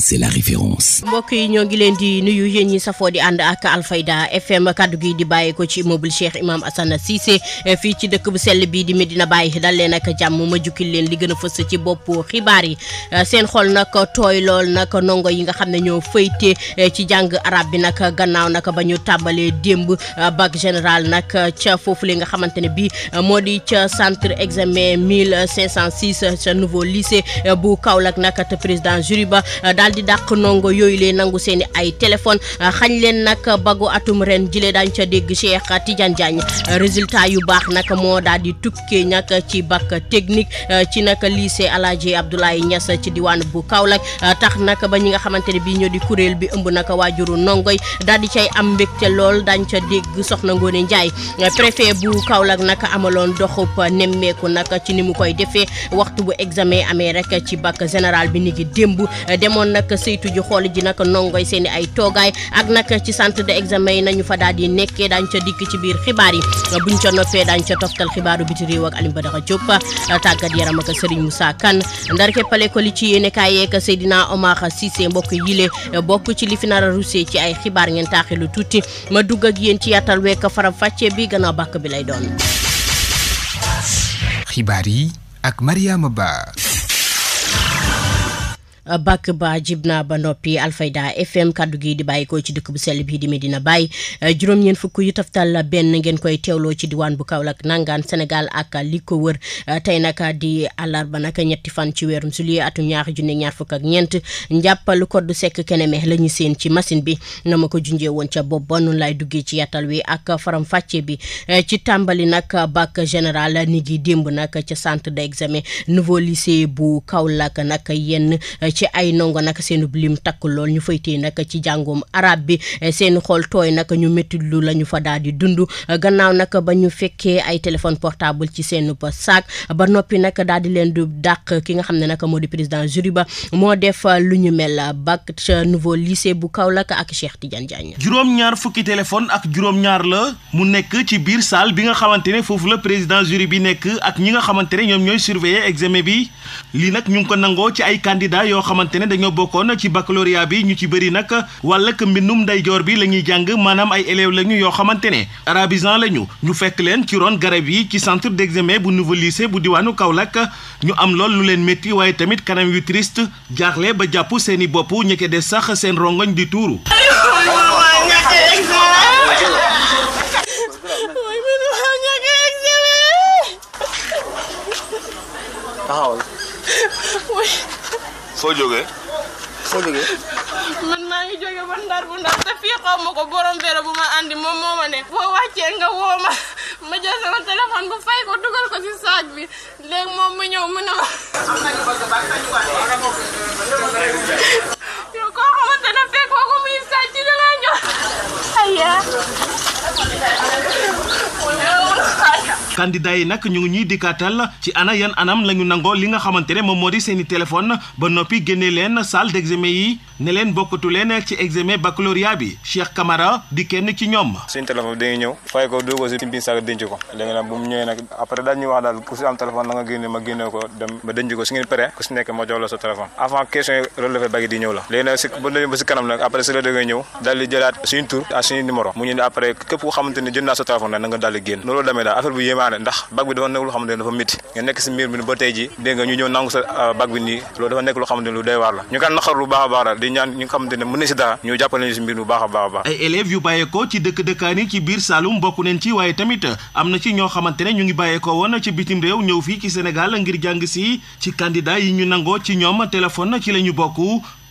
c'est mbokk yi ñoo ngi leen di nuyu yéen ñi safoo di ànd ak Alfayda FM kaddu gi di bàyyi ko ci immeuble Cheikh Imam Assane Cissé eh, fii ci dëkk bu sell bii di Medina Baye dal leen ak jàmm ma jukkil leen li gën a fës ci bopp xibaar yi eh, seen xool nag tooy lool nag ndongo yi nga xam ne ñoo fayte eh, ci jàng arab bi nag gannaaw nag ba ñu tàmbalee démb bac général nag ca foofu li nga xamante ne bii moo di ca centre examen 1506 ca nouveau lycée bu Kaolack nag te président jury ba daal di dàq ndongo yooyu lee nangu seen i ay téléphone xañ leen nag bagu atum ren jile daañu ca dégg Cheikh Tidiane Diagne résultat yu baax nag moo daal di tukkee nag ci bac technique ci nag lycée Alaaji Abdoulaye Niass ci diwaan bu Kaolack tax nag ba ñi nga xamante ne bii ñoo di kuréel bi ëmb nag waajuru ndongo yi daal di cay am mbégte lool daañu ca dégg soxna Ngoone Ndiaye préfet bu Kaolack nag amaloon doxub nemmeeku nag ci ni mu koy defee waxtu bu examen amee rek ci bac général bi ni nag saytu ji xool ji nag ndongo yi seen i ay toogaay ak nag ci centre de examen yi nañu fa daal nekkee daañu ca dikk ci biir xibaar yi buñ ca noppee daañu ca toftal xibaaru biti réew ak Alioune Badara Diop tàggat yaram ak Serigne Moussa Kane ndar keppale li ci yéene kaay yeeg Seydina Omar Cissé mbokk yile bokk ci li fi ci ay xibaar ngeen taaxee lu tuuti ma dugg ak yéen ci yàttal wekk faram fàccee bi gannaaw bàkk bi lay doon. xibaar yi ak Mariama bakk ba jib naa ba noppi Alfayda FM kaddu gi di bàyyi bàyyikoo ci dëkk bu sell bii di Medina bàyyi eh, juróom-ñeent fukk yu taftal benn ngeen koy teewloo ci diwaan bu Kaolack nangaan Sénégal ak li ko wër eh, tey nag di àllarba nag ñetti fan ci weerum juillet atum ñaar junne ñaar fukk ak ñeent njàppalu koddu sekk keneme la ñu seen ci machine bi na ma ko junjee woon ca bopp ba noonu laay duggee ci yàttal wi ak faram fàcce bi eh, ci tàmbali nag bac général ni ngi démb nag ca centre d'examen nouveau lycée bu Kaolack nag yenn ci ay ndongo nag seen lim takk lool ñu fay téye nag ci jàngum arab bi eh, seeni xool tooy nag ñu métti lu la ñu fa daal di dund gannaaw nag ba ñu fekkee ay téléphone portable ci seen saak ba noppi nag daal di leen du dàq ki nga xam ne nag moo di président jury ba moo def lu ñu mel bac ca nouveau lycée bu Kaolack ak Cheikh Tidiane Diagne. juróom-ñaar fukki téléphone ak juróom-ñaar la mu nekk ci biir salle bi nga xamante ne foofu la président jury bi nekk ak ñi nga xamante ne ñoom ñooy surveiller examen bi lii nag ñu ngi ko nangoo ci ay candidats xamante ne dañoo bokkoon ci baccalauréat bi ñu ci bëri nag wàllug mbindum ndeyjoor bi la ñuy jàng maanaam ay élèves la yoo xamante ne arabisant la ñu ñu fekk leen ci ron garab yi ci centre d'examen bu nouveau lycée bu diwaanu Kaolack ñu am lool lu leen métti waaye tamit kanam yu triste jaaxle ba jàpp seen i bopp ñekke des sax seen rongoñ di tuuru. foo jógee. foo jógee. man maa ngi jóge ba ndar bu ndar te fii xaw ma ko borom vélo bu ma àndi moom moo ma ne. boo wàccee nga woo ma ma jël sama téléphone bu fay ko dugal ko ci saag bi léegi moom mu ñëw mu ne ma. yow koo xamante ne fekk ko muy sàcc da ngaa ñëw. aywa. candidat yi nag ñu ngi ñuy la ci ana yan anam la ñu nangoo li nga xamante ne moom moo di seen i téléphone ba noppi génnee leen salle d'examen yi ne leen bokkatu leen ci examen baccalauréat bi Cheikh Camara di kenn ci ñoom. suñu téléphone dañuy ñëw fay ko dugg si biir saako denc ko léegi bu mu ñëwee nag après daal ku si am téléphone na nga génne ma la sa téléphone avant question la demee daal di bu yéemaane ndax bag bi dafa nekk loo xamante dafa métti nga nekk si mbir mi ba tey ji dégg nga ñu ñëw nangu sa ah, bag bi nii loolu dafa nekk loo xamante lu doy waar la ñu kan naqar lu baax a baax ñaan ñu xamante ne mu na si dara ñu jàppale ñu si mbir bu baax a baax a baax ay élèves yu bàyyeekoo ci dëkk dëkkaan ci biir Saloum bokk nañ ci waaye tamit am na ci ñoo xamante ne ñu ngi bàyyeekoo woon ci bitim réew ñëw fii ci Sénégal ngir jàng si ci candidat yi ñu nangoo ci ñoom téléphone ci la ñu bokk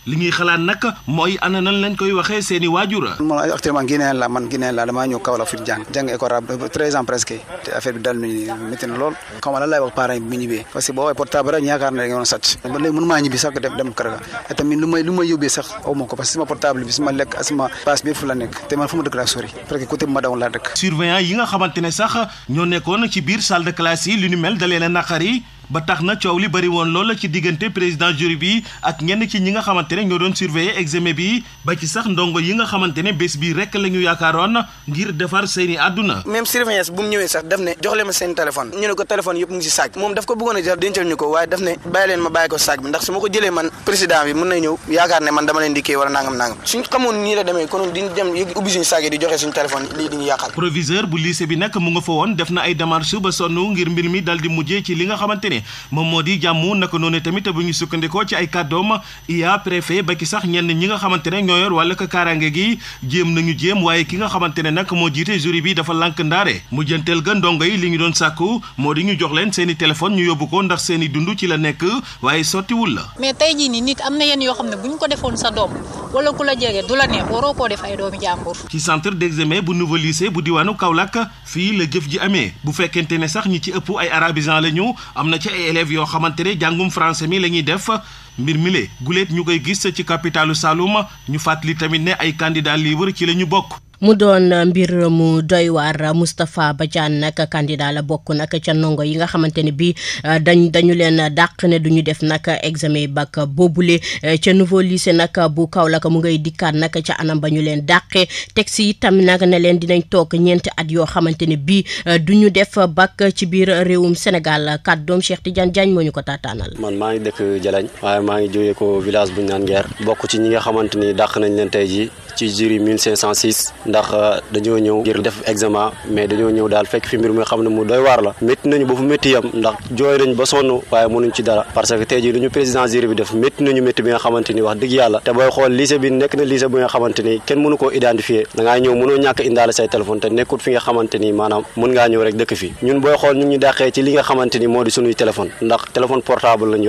li ñuy xalaat nag mooy ana nan leen koy waxee seen waajur. man actuellement guinéen la man guinéen la damaa ñëw Kaolack fi mu jàng jàng école arabe treize ans presque te bi dal nañu métti na lool. xaw ma lan laay wax parents yi ñibbee parce boo waxee portable rek yaakaar na da nga doon sàcc. ba léegi mënumaa ñibbi bi sama lekk sama passe bi fu la nekk te man fu ma dëkk laa sori parce que côté bi ma dawoon laa dëkk. surveillant yi xamante ne sax ñoo nekkoon ci biir salle de classe yi lu ñu mel dalee na naqari ba tax na coow li bëri woon lool ci diggante président jury bi ak ñenn ci ñi nga xamante ne ñoo doon surveiller examen bi ba ci sax ndongo yi nga xamante ne bés bi rek la ñu yaakaaroon ngir defar seeni àdduna même surveillance bu mu ñëwee sax daf ne jox leen ma seen téléphone ñu ne ko téléphone yëpp mu ngi si saag moom daf ko bëggoon a jox dencal ñu ko waaye daf ne bàyyi leen ma bàyyi ko saag bi ndax su ma ko jëlee man président bi mën na ñëw yaakaar ne man dama nga xamante ne ne moom moo di jàmm naka noonu tamit bu ñu sukkandikoo ci ay kàddoom iya préfet ba ki sax ñenn ñi nga xamante ne ñoo yor wàll ka kaaraange gi jéem nañu jéem waaye ki nga xamante ne nag moo jiite jury bi dafa lànk ndaare mu jënteel ga ndongo yi li ñu doon sàkku moo di ñu jox leen seen i téléphone ñu yóbbu ko ndax seen i dund ci la nekk waaye sottiwul la mais tey jii nii nit am na yenn yoo xam ne bu ñu ko defoon sa doom wala ku la jege du la neex waroo bu bu diwaanu la jëf ji amee bu fekkente ne sax ñi ci ëpp la ci ay yoo xamante ne jàngum français mi la ñuy def mbir mi le guléet ñu koy gis ci capitalu Saloum ñu fàttali tamit ne ay candidats libres ci la ñu bokk. mu doon uh, mbir mu doy waar uh, Moustapha Badiane nag candidat la bokk nag ca ndongo yi nga xamante ne bii uh, dañ dañu leen dàq ne du ñu def nag examen bac boobule ca nouveau lycée nag bu kaw Kaolack mu ngay dikkaat nag ca anam ba ñu leen dàqe teg si itam nag ne leen dinañ toog ñeenti at yoo xamante ne bii du def bac ci biir réewum Sénégal kàddoom ti Tidiane Diagne moo ñu ko taataanal. man maa ngi dëkk Jalañ waaye maa ngi jógee ko village bu ñu naan Nguer bokk ci xamante ni dàq nañ leen tey jii ci jury ndax euh, dañoo ñëw ngir def examen mais dañoo ñëw daal fekk fi mbir mi nga xam ne mu doy waar la métti nañu ba fu métti yam ndax jooy nañ ba sonn waaye mënuñ ci dara parce que tey jii lu ñu nañu métti bi nga xamante ni wax dëgg yàlla te booy xool lycée bi nekk na lycée bi nga xamante ni kenn mënu koo te nekkut fi nga xamante maanaam mën ngaa ñëw rek dëkk fi ñun booy xool ñu ngi ci li nga xamante moo di suñuy téléphone ndax téléphone portable lañ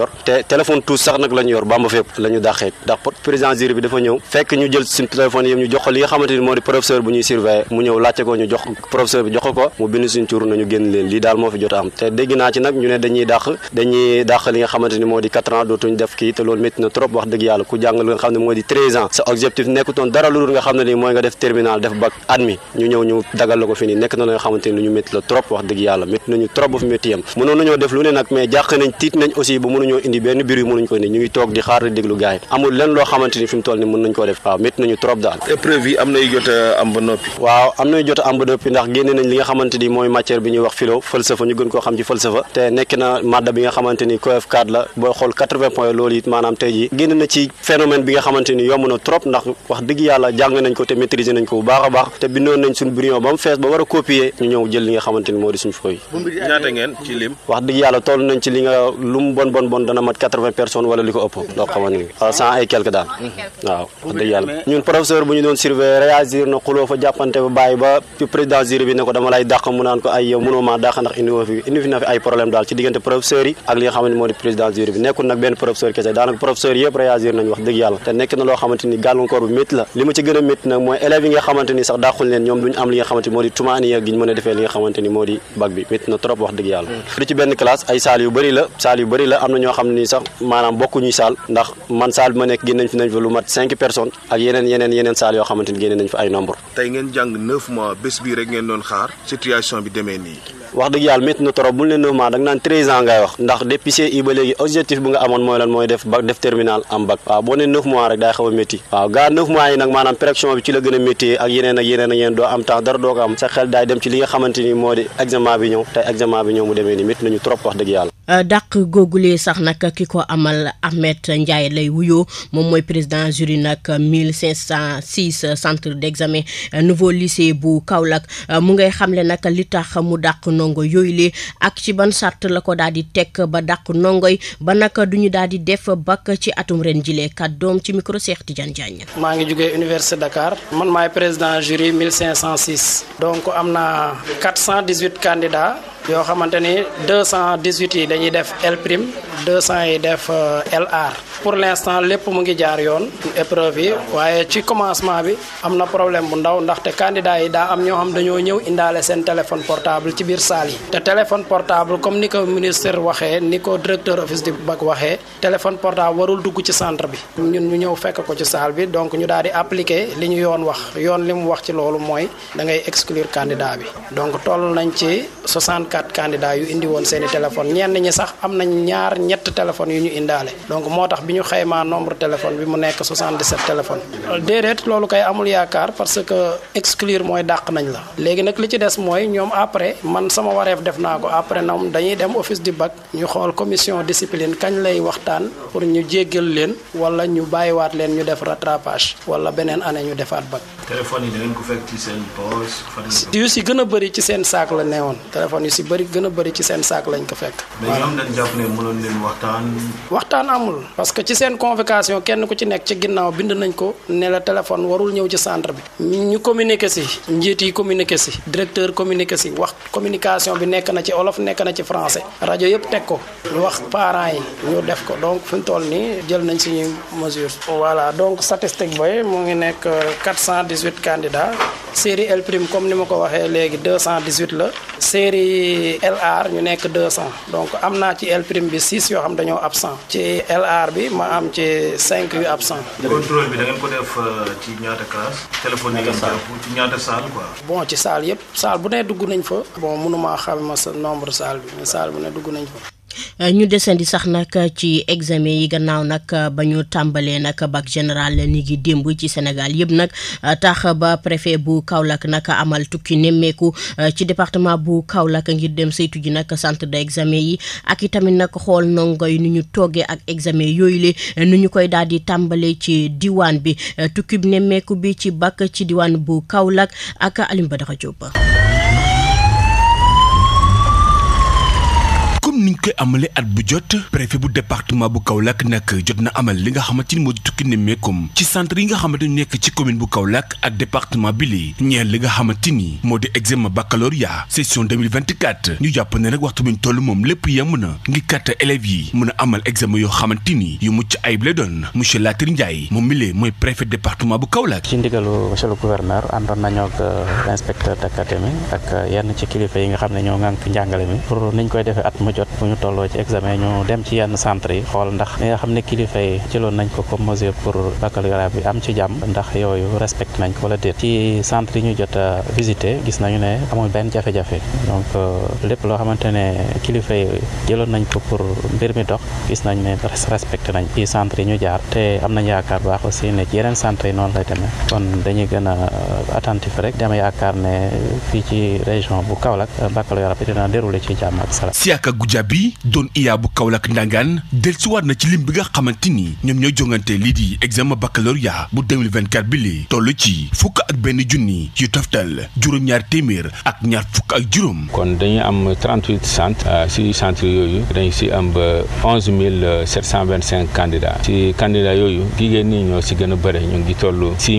professeur bu ñuy surveiller mu ñëw laajte ko ñu jox professeur bi jox ko mu bind suñ nañu génn leen lii daal moo fi jot a am te dégg naa ci nag ñu ne dañuy dàq dañuy li nga xamante mooy nga def terminal def bac admi ñu ñëw ñu dagal la ko fi nii nekk na la nga xamante lu ñu métti la trop wax dëgg yàlla métti nañu trop ba fi métti yam mënoon nañoo def lu ne nag mais jàq nañ tiit nañ aussi ba mënuñoo indi benn biir yu mënuñ ko indi ñu ngi toog di xaar di déglu gaay amul am ba noppi waaw am nañu jot a am ba noppi ndax génne nañ li nga xamante mooy matière bi ñuy wax philo falsafa ñu gën koo xam ci falsafa te nekk madda bi nga xamante ni coef personnes wala li ko ëpp loo xamante waaw wax dëgg yàlla ñun professeur bu ñu doon surveiller réagir na xuloo nag professeur kese daanaka professeurs yëpp wax dëgg yàlla te nekk na loo xamante ni gàllankoor bu métti la li ma ci gën a métti fa lu mat cinq personnes ak yeneen yeneen saal yoo xamante génne nañ fa ay nombre tey ngeen jàng 9 mois bés bii rek ngeen doon xaar situation bi demee nii. wax dëgg yàlla métti na trop bu ñu leen 9 mois danga naan 13 ans ngay wax ndax depuis CI ba léegi objectif bi nga amoon mooy lan mooy def bac def terminal am bac waaw boo nee 9 mois rek daay xaw a métti waaw gaa 9 mois yi nag maanaam pression bi ci la gën a métti ak yeneen ak yeneen ak yeneen doo am temps dara doo ko am sa xel daay dem ci li nga xamante ni moo di examen bi ñëw tey examen bi ñëw nii métti nañu trop wax dëgg yàlla Euh, dàq googule sax nag ki ko amal Ahmed Ndiaye lay wuyoo moom mooy président jury nag mille cinq cent six centre d' examen euh, nouveau lycée bu Kaolack euh, mu ngay xamle nag li tax mu dàq ndongo yooyu le ak ci ban sart la ko daal di teg ba dàq ndongoy ba nag du ñu daal di def bakk ci atum ren jile doom ci micro Cheikh Tidiane Diagne. maa ngi jugee université Dakar man maay président jury mille cinq cent six. donc am na quatre cent dix huit candidats yoo xamante ni deux dañuy def L prime 200 yi def euh, LR pour l'instant lépp mu ngi jaar yoon épreuve yi waaye ci commencement bi am na problème bu ndaw ndaxte candidat yi daa am ñoo xam dañoo ñëw indaale seen téléphone portable ci biir saal yi te téléphone portable comme ni ko ministre waxee ni ko directeur office du bac waxee téléphone portable warul dugg ci centre bi ñun ñu ñëw fekk ko ci salle bi donc ñu daal di li ñu yoon wax yoon li mu wax ci loolu mooy da ngay exclure candidat bi donc toll ñi sax am nañ ñaar ñett téléphones yu ñu indaale donc moo tax bi ñu xaymaa nombre téléphone bi mu nekk 77 téléphones déedéet loolu kay amul yaakaar parce que exclure mooy dàq nañ la léegi nag li ci des mooy ñoom après man sama wareef def naa ko après ñoom dañuy dem office di bag ñu xool commission discipline kañ lay waxtaan pour ñu jéggal leen wala ñu bàyyiwaat leen ñu def rattrapage wala beneen année ñu defaat bac. téléphone yi dinañ yu si gën a bëri ci seen saak la newoon téléphone yu si bëri gën a bëri ci seen saak lañ ko fekk. ñoom dañ jàpp ne mënoon waxtaan. waxtaan amul parce que ci seen convocation kenn ku ci nekk ci ginnaaw bind nañ ko ne la téléphone warul ñëw ci centre bi. ñu communiqué si njiit yi communiqué si directeur communique si wax communication bi nekk na ci olof nekk na ci français rajo yëpp teg ko wax parents yi ñu def ko donc fu mu toll nii jël nañ suñuy mesure voilà donc statistique boy mu ngi nekk 418 euh, candidats série L prime comme ni ma ko waxee léegi 218 la série LR ñu nekk 200 am naa ci L bi 6 yoo xam dañoo absent ci LR bi ma am ci 5 yu absent. bi da ngeen ko def euh, ci ñaata classe. téléphone yi ci ñaata bon ci salle yëpp salle bu ne dugg nañ fa. bon mënuma xamma sa nombre salle bi mais salle bu ne dugg nañ fa. Euh, ñu desandi sax nag ci examen yi gannaaw nag euh, ba ñu tàmbalee nag bac général ni ngi démb ci Sénégal yëpp nag euh, tax ba préfet bu Kaolack nag amal tukki nemmeeku ci département bu Kaolack ngir dem saytu ji nag centre d'examen yi ak itamit nag xool ndongo yi nu ñu toogee ak examen yooyu le nu ñu koy daal di tàmbalee ci diwaan bi tukki nemmeeku bi ci bakk ci diwaan bu Kaolack ak Alioune Badara Diop koy amalee at bu li nga xamante ni moo di tukki nemmeekum ci centre yi nga xamante ni nekk ci commune bu Kaolack ak département bi li ni moo di examen baccalauréat session 2024 ñu jàpp ne rek waxtu bi ñu toll moom lépp yem na ngir kàtta élèves yi mën a amal examen yoo xamante ni yu mucc ayib la doon monsieur Latir Ndiaye moom mi lee mooy préfet département bu Kaolack. ci ndigalu monsieur le gouverneur àndoon nañoo euh, inspecteur d'académie ak euh, yenn ci kilifa yi nga xam ne ñoo ngànk njàngale mi pour niñ koy defee at mu jot ñu tolloo ci examen ñu dem ci yenn centre yi xool ndax li nga xam ne kilifa yi jëloon nañ ko comme mesure pour baccalauréat bi am ci jàmm ndax yooyu respecté nañ ko wala déet ci centre yi ñu jot gis nañu ne amul benn jafe-jafe donc euh, lépp loo xamante ne kilifa yi jëloon nañ ko pour mbir mi dox gis nañ ne respecté nañ ci centre ñu jaar te am nañ yaakaar baax aussi ne ci yeneen centre yi noonu dem demee kon dañuy gën a euh, attentif rek dama yaakaar ne fii ci région bu Kaolack euh, baccalauréat bi dina déroulé ci jàmm ak salaam bi doon IA kawlak Kaolack ndangaan dellusiwaat na ci lim bi nga xamante ni ñoom ñooy jongante lii di examen baccalauréat bu 2024 bi li toll ci fukk ak benn junni yu toftal juróom-ñaar téeméer ak ñaar fukk ak juróom. kon euh, dañu am 38 centres si centre yooyu dañ si am ba 11 725 euh, candidats si candidats yooyu jigéen ñi ñoo si gën a bëre ñu ngi toll 6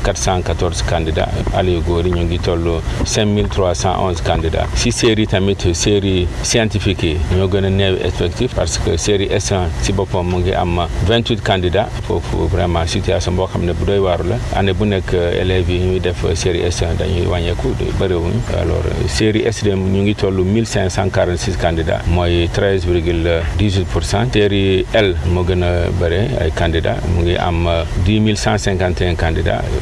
414 euh, candidats Aliou góor yi ñu ngi toll 5 311 candidats si série tamit série scientifique yi yi ñoo gën a néew effectif parce que série S1 si boppam mu ngi am vingt huit candidats foofu vraiment situation boo xam ne bu doy waaru la année bu nekk euh, élèves yi ñuy def série S1 dañuy wàññeeku bëriwuñu alors euh, série S2 ñu ngi toll mille cinq cent quarante six candidats mooy treize virgule dix huit pour cent série L moo gën a bëre ay candidats mu ngi am euh, dix mille cent cinquante et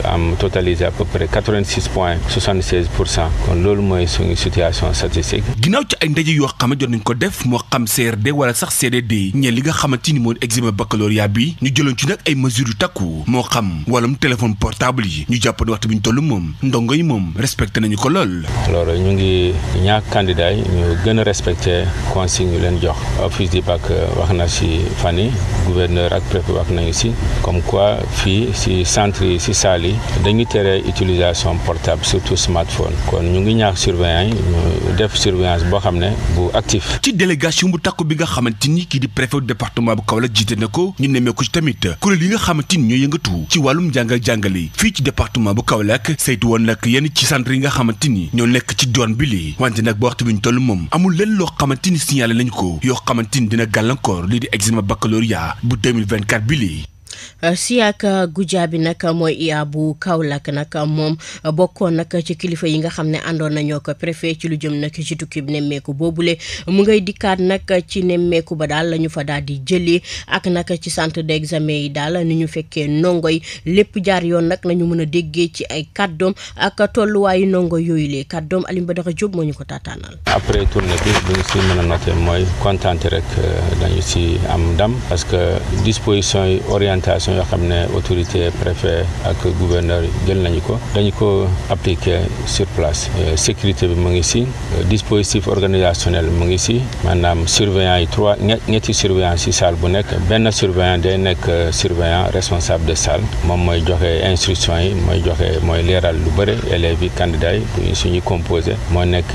am totalisé à peu près quatre vingt six point soixante seize pour cent kon loolu mooy suñu situation statistique. ginnaaw ay ndaje yoo xam def moo xam CRD wala sax CDD ñeel li nga xamante ni moo di examen baccalauréat bi ñu jëloon ci nag ay mesures yu takku moo xam wàllum téléphone portable yi ñu jàpp ne waxtu bi ñu moom ndongo yi moom respecté nañu ko lool. loolu ñu ngi ñaax candidat yi ñu gën a respecté consigne yu leen jox office du bac wax na si fan yi gouverneur ak nañu si comme quoi fii si centre yi si saal yi dañu tere utilisation portable surtout smartphone kon ñu ngi ñaax surveillant yi ñu def surveillance boo xam ne ci délégation bu takku bi nga xamante ni kii di préfet département bu Kaolack jiite na ko ñu nemmeeku ci tamit kuréel yi nga xamante ni ñoo yëngatu ci wàllum jàngal jàngale fii ci département bu Kaolack saytu woon nag yenn ci centre yi nga xamante ni ñoo nekk ci doon bi lii wante nag ba waxtu bi ñu toll moom amul leen loo xamante ni signalé nañ ko yoo xamante ni dina gàllankoor lii di examen baccalauréat bu 2024 bi lii Euh, Siaka euh, bi nag mooy IA bu Kaolack nag euh, moom bokkoon nag ci kilifa yi nga xam ne àndoon nañoo ko préfet ci lu jëm nag ci tukki bi nemmeeku boobule mu ngay dikkaat nag ci nemmeeku ba daal la ñu fa daal di jëlee ak nag ci sant d'examen yi daal ni ñu fekkee ndongo yi lépp jaar yoon nag nañu mën a déggee ci ay kàddoom ak tolluwaayu ndongo yooyu lee kàddoom Alioune Badara Diop moo ñu ko taataanal. après tournée bi bu ñu si mën a noter mooy orientation yoo xam ne autorité préfet ak gouverneur jël nañu ko dañu ko appliquer sur place euh, sécurité bi mu ngi si euh, dispositif organisationnel mu ngi si maanaam surveillant yi trois ñetti surveillant si salle bu nekk benn surveillant day nekk euh, surveillant responsable de salle moom mooy joxe instruction yi mooy joxe mooy leeral lu bëri élèves yi candidats yi suñu composé moo nekk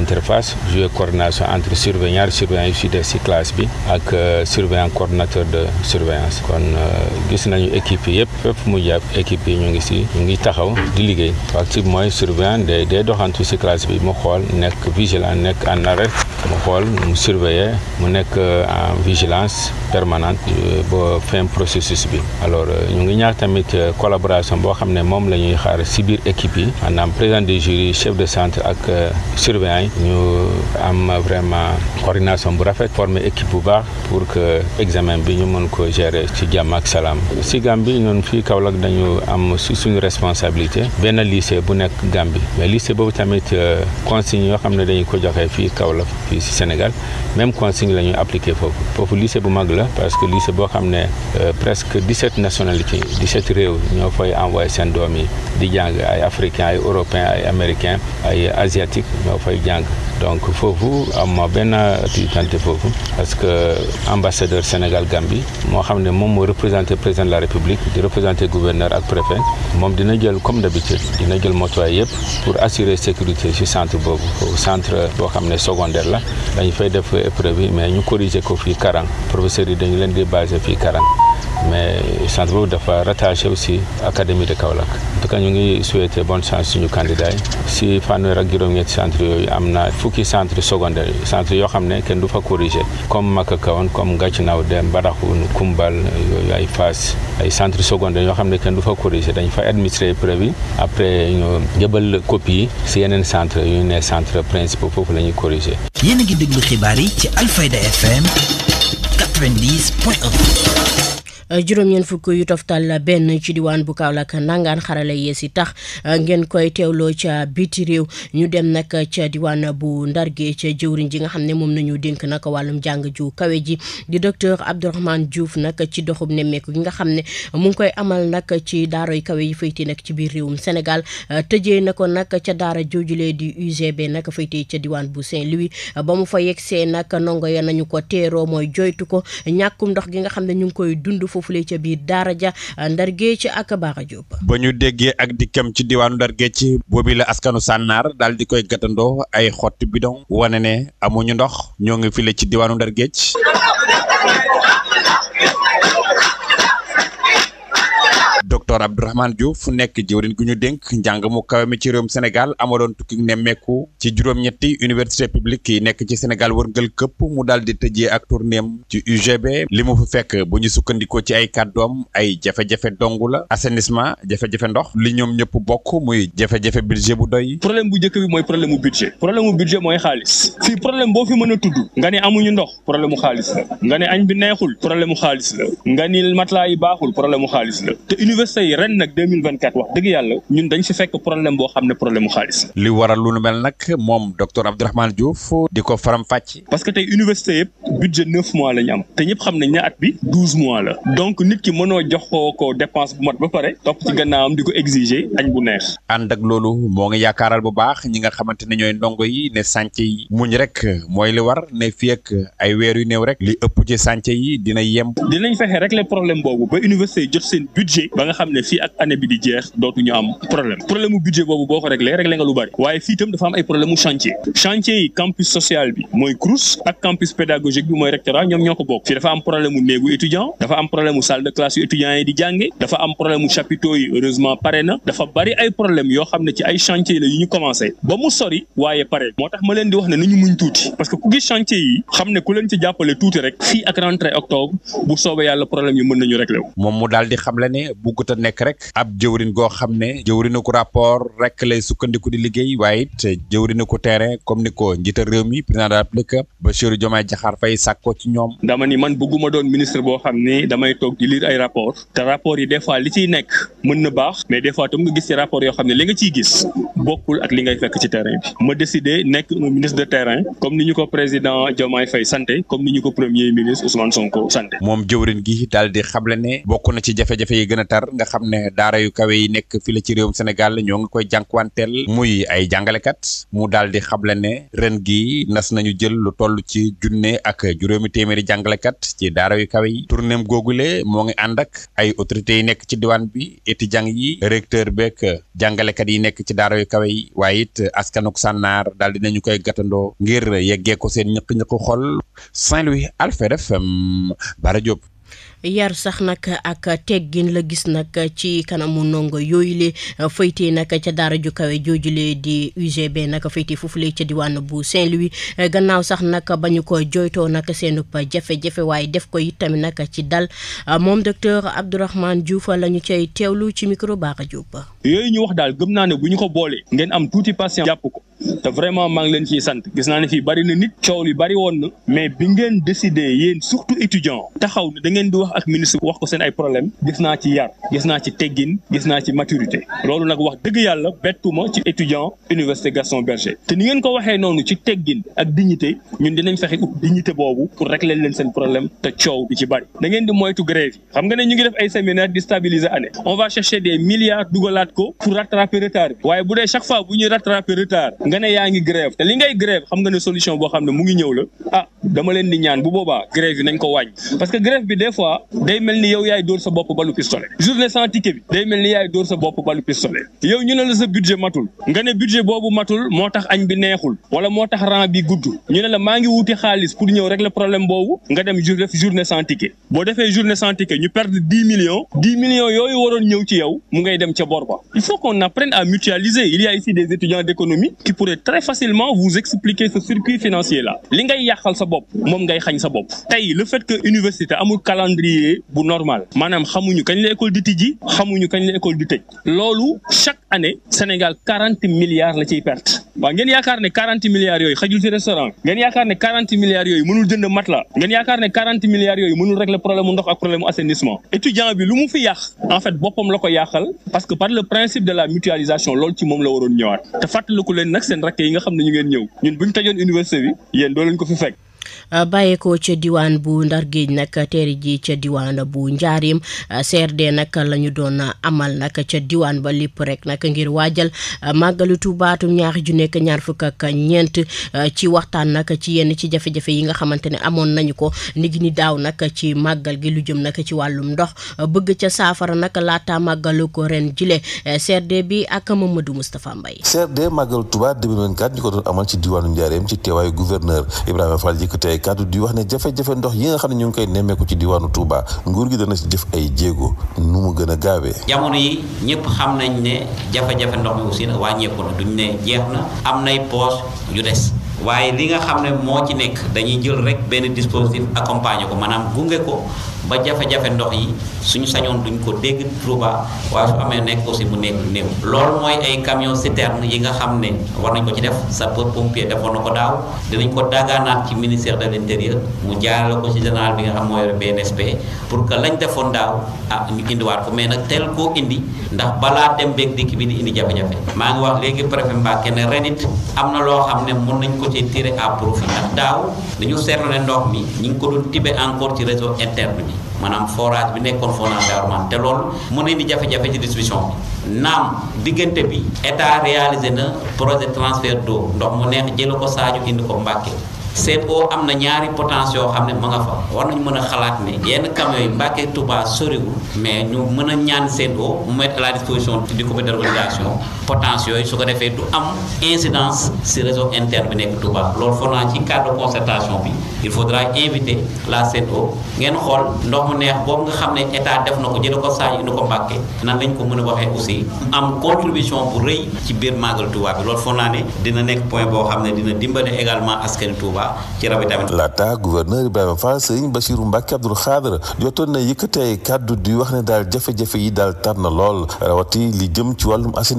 interface jouer coordination entre surveillant surveillant yu si des si classe bi ak surveillant coordonnateur de surveillance gis nañu équipe yi yëpp fépp mu jàpp équipe yi ñu ngi si ñu ngi taxaw di liggéey waaw ci mooy surveillant day day doxantu si classe bi mu xool nekk vigilant nekk en alerte mu xool mu surveiller mu nekk euh, en vigilance permanente euh, ba fin processus bi alors euh, ñu ngi ñaar tamit collaboration boo xam ne moom la ñuy xaar si biir équipe yi maanaam président du jury chef de centre ak surveillant yi ñu am vraiment coordination bu rafet former équipe bu baax pour que examen bi ñu mën ko gere ci jàmm salaam si Gambie ñun fii Kaolack dañu am si suñu responsabilité benn lycée bu nekk Gambie mais lycée boobu tamit euh, consigne yoo xam ne dañu ko joxee fii Kaolack fii si Sénégal même consigne la ñuy appliqué foofu foofu lycée bu mag la parce que lycée boo xam ne euh, presque 17 nationalités 17 réew ñoo fay envoyé seen doom yi di jàng ay africains ay européens ay américains ay asiatiques ñoo fay jàng donc foofu am benn tiitante foofu parce que ambassadeur Sénégal Gambie moo xam ne moom représenté président de la république di représenté gouverneur ak préfet moom dina jël comme d'habitude dina jël motuwaay yëpp pour assurer sécurité ci centre boobu centre boo xam ne secondaire la dañu fay def épreuve yi mais ñu corriger ko fii Karang professeurs yi dañu leen di basé fii Karang mais centre boobu dafa rattaché aussi académie de Kaolack en tout cas ñu ngi souhaité bonne chance suñu candidat yi si fanweer ak juróom-ñetti centre yooyu am na fukki centre secondaire centre yoo xam ne kenn du fa corrigé comme Makakawan comme Gàccinaaw Dem Baraxun Kumbal yooyu ay Fass ay centre secondaire yoo xam ne kenn du fa corrigé dañ fa administré épreuve yi après ñu jëbal copie yi si yeneen centre yu ne centre principal foofu la ñuy corrigé yéen a ngi déglu xibaar yi ci Alfayda FM juróom-ñeent fukk yu toftal benn ci diwaan bu Kaolack nangaan xarala yees yi tax euh, ngeen koy teewloo ca biti réew ñu dem nag ca diwaan bu Ndar gi ca jëwriñ ji nga xam ne moom nañu dénk nag wàllum jàng ju kawe ji di docteur Abdourahmane Diouf nag ci doxub nemmeeku gi nga xam ne mu ngi koy amal nag ci daaroy kawe yi fayti nag ci biir réewum Sénégal euh, tëjee na ko nag ca daara joojule di UGB nag fayti ca diwaan bu Saint-Louis ba mu fa yegsee nag ndongo ya nañu ko teeroo mooy joytu ko ñàkkum ndox gi nga xam ne ñu ngi koy dund fu foofulee ca biir daara ja Ndar Géej ak Bara Diop ba ñu déggee ak dikkam ci diwaanu Ndar Géej boobi la askanu sànnaar daal di koy gàttandoo ay xott bidon wane ne amuñu ndox ñoo ngi file ci diwaanu Ndar Géej docteur Abdourahmane Diouf fu nekk jëwriñ gu ñu dénk njàng mu kawe mi ci réewum Sénégal amaloon tukki nemmeeku ci juróom-ñetti université publique yi nekk ci Sénégal wërngël këpp mu daal di tëjee ak tournéem ci UGB li mu fa fekk bu ñu sukkandikoo ci ay kaddoom ay jafe-jafe dong la assainissement jafe-jafe ndox li ñoom ñëpp bokk muy jafe-jafe budget bu doy. problème bu njëkk bi mooy problème mu budget problème mu budget mooy xaalis fii problème boo fi mën tudd nga ne amuñu ndox problème mu xaalis nga ne añ bi neexul problème mu xaalis la nga baaxul problème mu xaalis marché yi ren nag 2024 wax dëgg yàlla ñun dañ si fekk problème boo xam ne problème mu xaalis. li waral lu nu mel nag moom docteur Abdourahmane Diouf di ko faram fàcc. parce que tey université yëpp budget neuf mois la am te ñëpp xam ne at bi donc nit ki mënoo jox ko dépense bu mat ba pare topp ci gannaawam di ko exiger añ bu neex. ànd ak loolu moo ngi yaakaaral bu baax ñi nga xamante ne ñooy ndongo yi ne sànce yi muñ rek mooy li war ne fii ak ay weer yu néew rek li ëpp ci yi dina yem. dinañ fexe rek le problème boobu xam ne fii ak année bi di jeex dootuñu am problème problème budget boobu boo ko réglé waaye fii dafa am ay problème chantier chantier yi campus social bi mooy CROUS ak campus pédagogique bi mooy rectorat ñoom ñoo ko bokk fii dafa am problème mu étudiant dafa am problème salle de classe yu étudiants yi di jànge dafa am problème mu yi heureusement pare na dafa bari ay problème yoo xam ne ci ay chantier la yu ñu ba mu sori waaye pare nekk rek ab jëwrin goo xam ne jëwrinu ko rapport rek lay sukkandiku di liggéey waaye it jëwrinu ko terrain comme ni ko njiital réew mi président de la République Bassirou Diomaye sàkkoo ci ñoom dama ni man bëgguma doon ministre boo xam ne damay toog di lire ay rapport te rapport yi des fois li ciy nekk mën na baax mais des fois tam nga gis ci rapport yoo xam ne li nga ciy gis bokkul ak li ngay fekk ci terrain bi ma décidé nekk un ministre de terrain comme ni ñu ko président Diomaye Faye santé comme ni moom jëwrin gi daal na ci jafe-jafe yi gën a nga xam ne daara yu kawe yi nekk fii la ci réewum Sénégal ñoo ngi koy jànkuwanteel muy ay jàngalekat mu daal di xamle ne ren gi nas nañu jël lu toll ci junne ak juróomi téeméeri jàngalekat ci daara yu kawe yi tournéem googule moo ngi ànd ak ay autorités yi nekk ci diwaan bi étudiants yi recteur beek jàngalekat yi nekk ci daara yu kawe yi waaye it askanuk sànnaar daal di nañu koy gatandoo ngir yeggee ko seen ñëkk ñëq xol Saint-Louis Alfayda FM Bara Diop yar sax nag ak teggin la gis nag ci kanamu ndongo yooyu le faytee nag ca daara ju kawe joojule di UGB nag faytee foofu le ca diwaan bu Saint-Louis gannaaw sax nag ba ñu ko jooytoo nag seen jafe-jafe waaye def ko it tamit nag ci dal moom docteur Abdourahmane juufa la ñu cay teewlu ci micro baax a Diop. yooyu ñu wax daal gëm naa ne bu ñu ko boolee ngeen am tuuti patient jàpp ko te vraiment maa leen ciy sant gis naa ne fii bari na nit coow li bari woon na mais bi ngeen décidé yéen surtout étudiant wax ak ministre wax ko seen ay problème gis naa ci yar gis naa ci teggin gis naa ci maturité loolu nag wax dëgg yàlla bettuma ci étudiant université Gaston Berger te ni ngeen ko waxee noonu ci teggin ak dignité ñun dinañ fexe ut dignité boobu pour régler leen seen problème te coow bi ci bari da ngeen di moytu grève xam nga ne ñu ngi def ay séminaire di stabiliser année on va chercher des milliards dugalaat ko pour rattraper retard bi waaye bu dee chaque fois bu ñuy rattraper retard nga ne yaa ngi grève te li xam nga ne solution boo xam ne mu ngi ñëw la ah, dama leen di ñaan bu boobaa grève yi nañ ko wàññ jàpp day mel ni yow yaay dóor sa bopp balu pistolet journée sans ticket bi day mel ni yaay dóor sa bopp balu ñu ne sa budget matul nga ne budget boobu matul moo tax añ bi neexul wala moo tax rang bi gudd ñu ne la maa ngi wuti xaalis pour ñëw régler problème boobu nga dem journée sans boo defee journée sans ñu perdre dix millions dix millions yooyu waroon ñëw ci yow mu ngay dem ca ba il faut qu'on apprenne à mutualiser il y a ici des étudiants d'économie qui pourraient très facilement vous expliquer sa bopp calendrier bu normal maanaam xamuñu kañ la école di tijji xamuñu kañ la école di tëj loolu chaque année Sénégal quarante la ciy perte waaw ngeen yaakaar ne quarante yooyu xajul ci restaurant ngeen yaakaar ne quarante yooyu mënul jënd problème ndox ak problème mu étudiant bi lu mu fi yàq en fait boppam la ko yàqal parce que par le principe de la mutualisation loolu ci moom la waroon ñëwaat te fàttaliku leen nag seen rakk yi nga xam ne ñu ngeen Euh, bàyyeekoo ca diwaan bu ndar géej nag teeri ji ca diwaan bu njaarim euh, CRD nag lañu doon amal nag ca diwaan ba lépp rek nag ngir waajal euh, màggalu Tuuba atum ju nekk ñaar fukk ak ñeent ci waxtaan nag ci yenn ci jafe-jafe yi nga xamante ne amoon nañu ko nigi ñi daaw nag ci màggal gi lu jëm nag ci wàllum ndox bëgg ca saafara nag laata màggalu ko ren jile CRD bi ak Mamadou Moustapha Mbaye CRD màggalu Tuuba 2024 ñu ko doon amal ci diwaanu Njaareem ay kàddu di wax ne jafe-jafe ndox yi nga xam ne ñu ngi koy nemmeeku ci diwaanu Touba nguur gi dana si jëf ay jéego nu mu gën a gaawee. jamono yi ñëpp xam nañ ne jafe-jafe ndox mi aussi nag wàññeeku na duñ ne jeex na am nay poche yu des. waaye li nga xam ne moo ci nekk dañuy jël rek benn dispositif accompagner ko maanaam gunge ko ba jafe-jafe ndox yi suñu sañoon duñ ko dégg Touba waaye su amee nekk aussi mu nekk néew. loolu mooy ay camion citerne yi nga xam ne war nañ ko ci def sapeur pompier defoon na ko daaw dinañ ko daagaanaat ci ministère de l' intérieur mu jaarale ko ci général bi nga xam mooy BNSP pour que lañ defoon daaw ah ñu indiwaat ko mais nag teel koo indi ndax balaa dem beeg bi di indi jafe-jafe ko ci tiré ndax daaw dañu seetlu ne ndox mi ñu ngi ko doon tibe encore ci réseau interne bi maanaam forage bi nekkoon forage Darou te loolu mu ne di jafe-jafe ci distribution bi naam diggante bi état réalisé na projet transfert doo ndox mu neex jëla ko Sadio indi ko Mbàkke oo am na ñaari potence yoo xam ne ma nga fa war nañu mën a xalaat ne yenn camions yi Mbàkke Touba soriwul mais ñu mën a ñaan seen eau mu mettre à la disposition du comité potence yooyu su ko defee du am incidence si réseau interne bi nekk Touba loolu foog naa ci cadre concertation bi il faudra inviter la CNO ngeen xool ndox mu neex boobu nga xam ne état def na ko jële ko Sadji indi ko Mbàkke nan lañ ko mën a waxee aussi am contribution bu rëy ci biir màggal Touba bi loolu foog naa ne dina nekk point boo xam ne dina dimbale également askan Touba ci ravitamin. laata gouverneur Ibrahima Fall Serigne Bassirou Mbacke Abdoul Khadre jotoon na yëkkatee kàddu di wax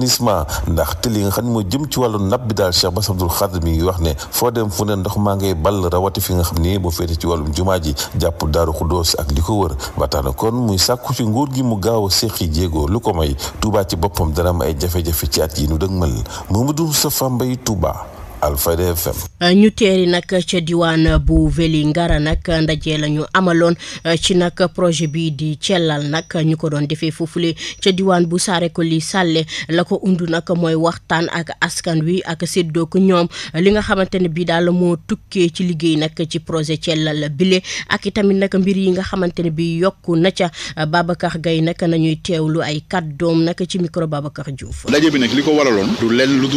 ne ndax ndaxte li nga xam ne moo jëm ci wàllu napp bi daal Cheikh Bass Abdoul Khadre mi ngi wax ne foo dem fu ne ndox maa ngay ball rawati fi nga xam ni boo féete ci wàllum jumaa ji jàpp daaru xuddoos ak li ko wër ba tax na kon muy sàkku ci nguur gi mu gaaw a séqi jéego lu ko may Touba ci boppam dana am ay jafe-jafe ci at yi nu ma moo dëgmal Mamadou Moustapha Mbaye tubaa Alfayda FM. Euh, ñu teeri nag ca diwaan bu ngara nag ndaje lañu amaloon euh, ci nag projet bii di cellal nag ñu ko doon defee foofule ca diwaan bu ko Sarekoli Sàlle la ko undu nag mooy waxtaan ak askan wi ak séddoo ko ñoom li nga xamante ne bii daal moo tukkee ci liggéey nag ci projet cellal bile ak itamit nag mbir yi nga xamante ne bii yokku na ca Babacar gay nag nañuy teewlu ay doom nag ci micro Babacar Diouf. ndaje bi nag li ko waraloon. du lenn lu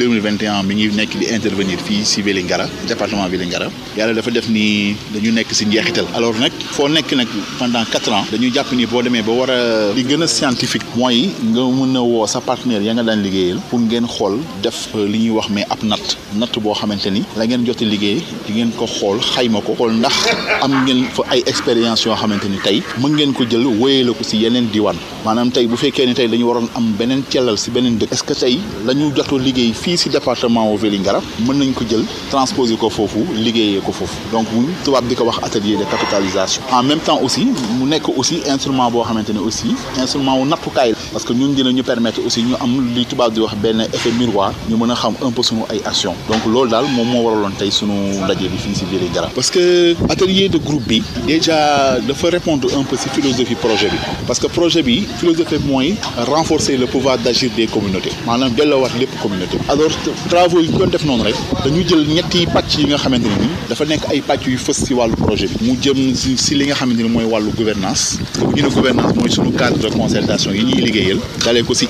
depuis 2021 mi ngi nekk di intervenir fii si Vélingara département Vélingara yàlla dafa def ni dañu nekk si njeexital alors nag foo nekk nag pendant quatre ans dañu jàpp nii boo demee ba war a li gën a scientifique mooy nga mën a woo sa partenaire ya nga daan liggéeyal pour ngeen xool def euh, li ñuy wax mais ab natt natt boo xamante ni la ngeen joti liggéey di ngeen ko xool xayma ko xool ndax am ngeen fa ay expérience yoo xamante ni tey mën ngeen ko jël wéyale ko si yeneen diwaan maanaam tey bu fekkee ni tey dañu waroon am beneen cellal si beneen dëkk est-ce que tey lañu jotoo liggéey fii si département wu Vélingara mën nañ ko jël transposer ko foofu liggéeyee ko foofu donc tubaab di ko wax atelier de capitalisation en même temps aussi mu nekk aussi instrument boo xamante ne aussi instrument wu que ñun dinañu permettre aussi ñu am li tubaab di wax benn effet ñu mën a xam un sunu ay action donc loolu daal moom moo waraloon tey sunu ndaje bi fii si Vélingara parce que atelier de groupe bi déjà dafa répondre un peu philosophie projet bi parce que projet bi philosophie mooy renforcer alors travaux yi ñu doon def noonu rek dañu jël ñetti pàcc yi nga xamante dafa nekk ay pàcc yu fës ci wàllu projet bi mu jëm si li nga xamante ni mooy wàllu gouvernance bu ñu ne gouvernance mooy suñu cadre de concertation yi ñuy liggéeyal ko si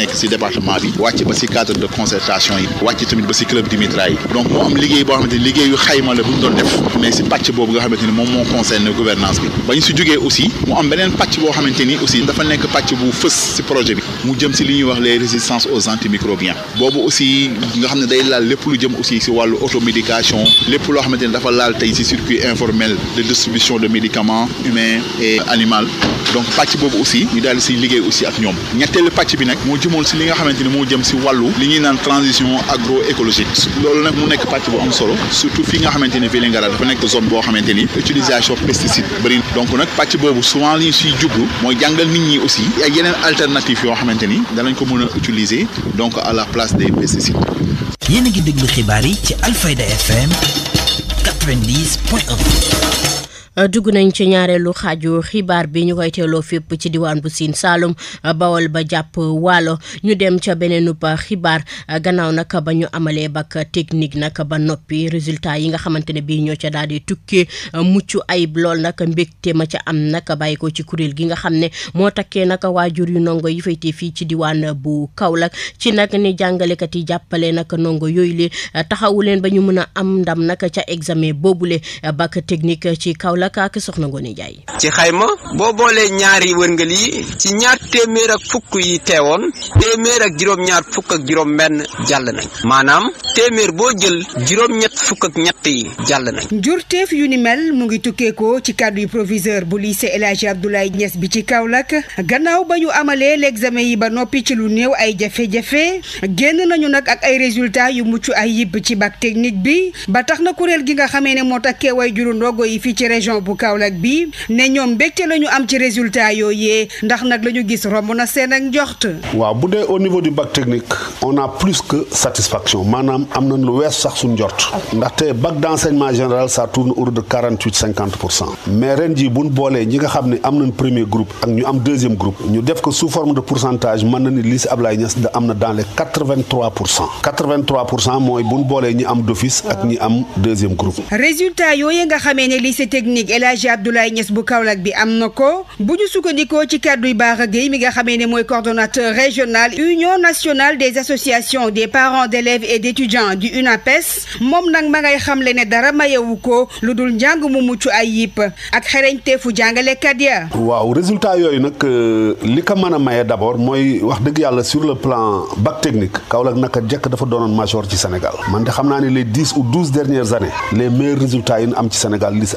nekk si département bi wàcc ba si cadre de concertation yi wàcc tamit ba si club Dimitra yi donc moo am liggéey boo xamante ni liggéey yu xayma la moom moo concerné gouvernance bi ba ñu si jógee aussi boo xamante ni aussi dafa nekk pàcc bu fës si projet bi mu jëm li ñuy wax les résistances aux antimicrobiens boobu aussi aussi nga xam ne day laal lépp lu jëm aussi si wàllu automédication lépp loo xamante ne dafa laal tey si circuit informel de distribution de médicaments humains et animal donc pàcc boobu aussi ñu daal di siy liggéey aussi ak ñoom ñetteelu pàcc bi nag moo jëmoon si li nga xamante ni moo jëm si wàllu li ñuy naan transition agroécologique loolu nag mu nekk pàcc bu am solo surtout fi nga xamante ni Vélingara dafa nekk zone boo xamante ni utilisation pesticide bëri donc nag pàcc boobu souvent li ñu siy jublu mooy jàngal nit ñi aussi ak yeneen alternative yoo xamante ni danañ ko mën a utiliser donc à la place des pesticides. yéen a ngi déglu yi ci Alfayda FM 90 point 1. Euh, dugg nañ ci ñaareelu xaaju xibaar bi ñu koy teeloo fépp ci diwaan bu siin Saalum euh, Bawol ba jàpp waalo ñu dem ca beneenub xibaar euh, gannaaw nag ba ñu amalee bac technique nag ba noppi résultat yi nga xamante ne bii ñoo ca daal di tukkee mucc ayib lool nag mbégte ma ca am nag bàyyi ko ci kuréel gi nga xam ne moo takkee nag waajur yu ndongo yi féetee fii ci diwaan bu Kaolack ci nag ni jàngalekat yi jàppale nag ndongo yooyu le taxawu leen ba ñu mën a am ndam nag ca examen boobule bac technique ci Kaolack bokkul ak ak soxna Ngoné ci xayma boo boolee ñaari wërngal yi ci ñaar téeméer ak fukk yi teewoon téeméer ak juróom-ñaar fukk ak juróom-benn jàll nañ maanaam téeméer boo jël juróom-ñett fukk ak ñett yi jàll nañ. njurteef yu ni mel mu ngi tukkeekoo ci kàddu yu proviseur bu lycée El Hadji Abdoulaye Niass bi ci Kaolack gannaaw ba ñu amalee l'examen yi ba noppi ci lu néew ay jafe-jafe génn nañu nag ak ay résultats yu mucc ay yib ci bac technique bi ba tax na kuréel gi nga xamee région bu Kaolack bi ne ñoom mbégte la ñu am ci résultat yooyee ndax nag la gis romb na seen ak njort. waaw bu dee au niveau du bac technique on a plus que satisfaction maanaam am nañ lu wees sax suñ njort ndaxte bac d' enseignement général sa tourne autour de quarante huit pour cent mais ren jii buñ boolee ñi nga xam ne am nañ premier groupe ak ñu am deuxième groupe ñu def ko sous forme de pourcentage mën na ni lycée Ablaye Niass da am na dans les quatre vingt trois pour cent quatre vingt trois pour cent mooy buñ boolee ñi am d'office ak ñi am deuxième groupe. technique El Hadji Abdoulaye Niass bu Kaolack bi am na ko bu ñu sukkandikoo ci kàdduy Baara Gueye mi nga xamee ne mooy coordonnateur régional union nationale des associations des parents d'élèves et d'étudiants du UNAPES moom nag ma ngay xamle ne dara mayewu ko lu dul njàng mu mucc ay yip ak xereñ jàngale jàngalekat ya waaw résultat yooyu nag euh, li ko mën a maye d'abord mooy wax dëgg yàlla sur le plan bac technique Kaolack naka jekk dafa doonoon major ci Sénégal man de xam naa ne les dix ou douze dernières années les am ci Sénégal lis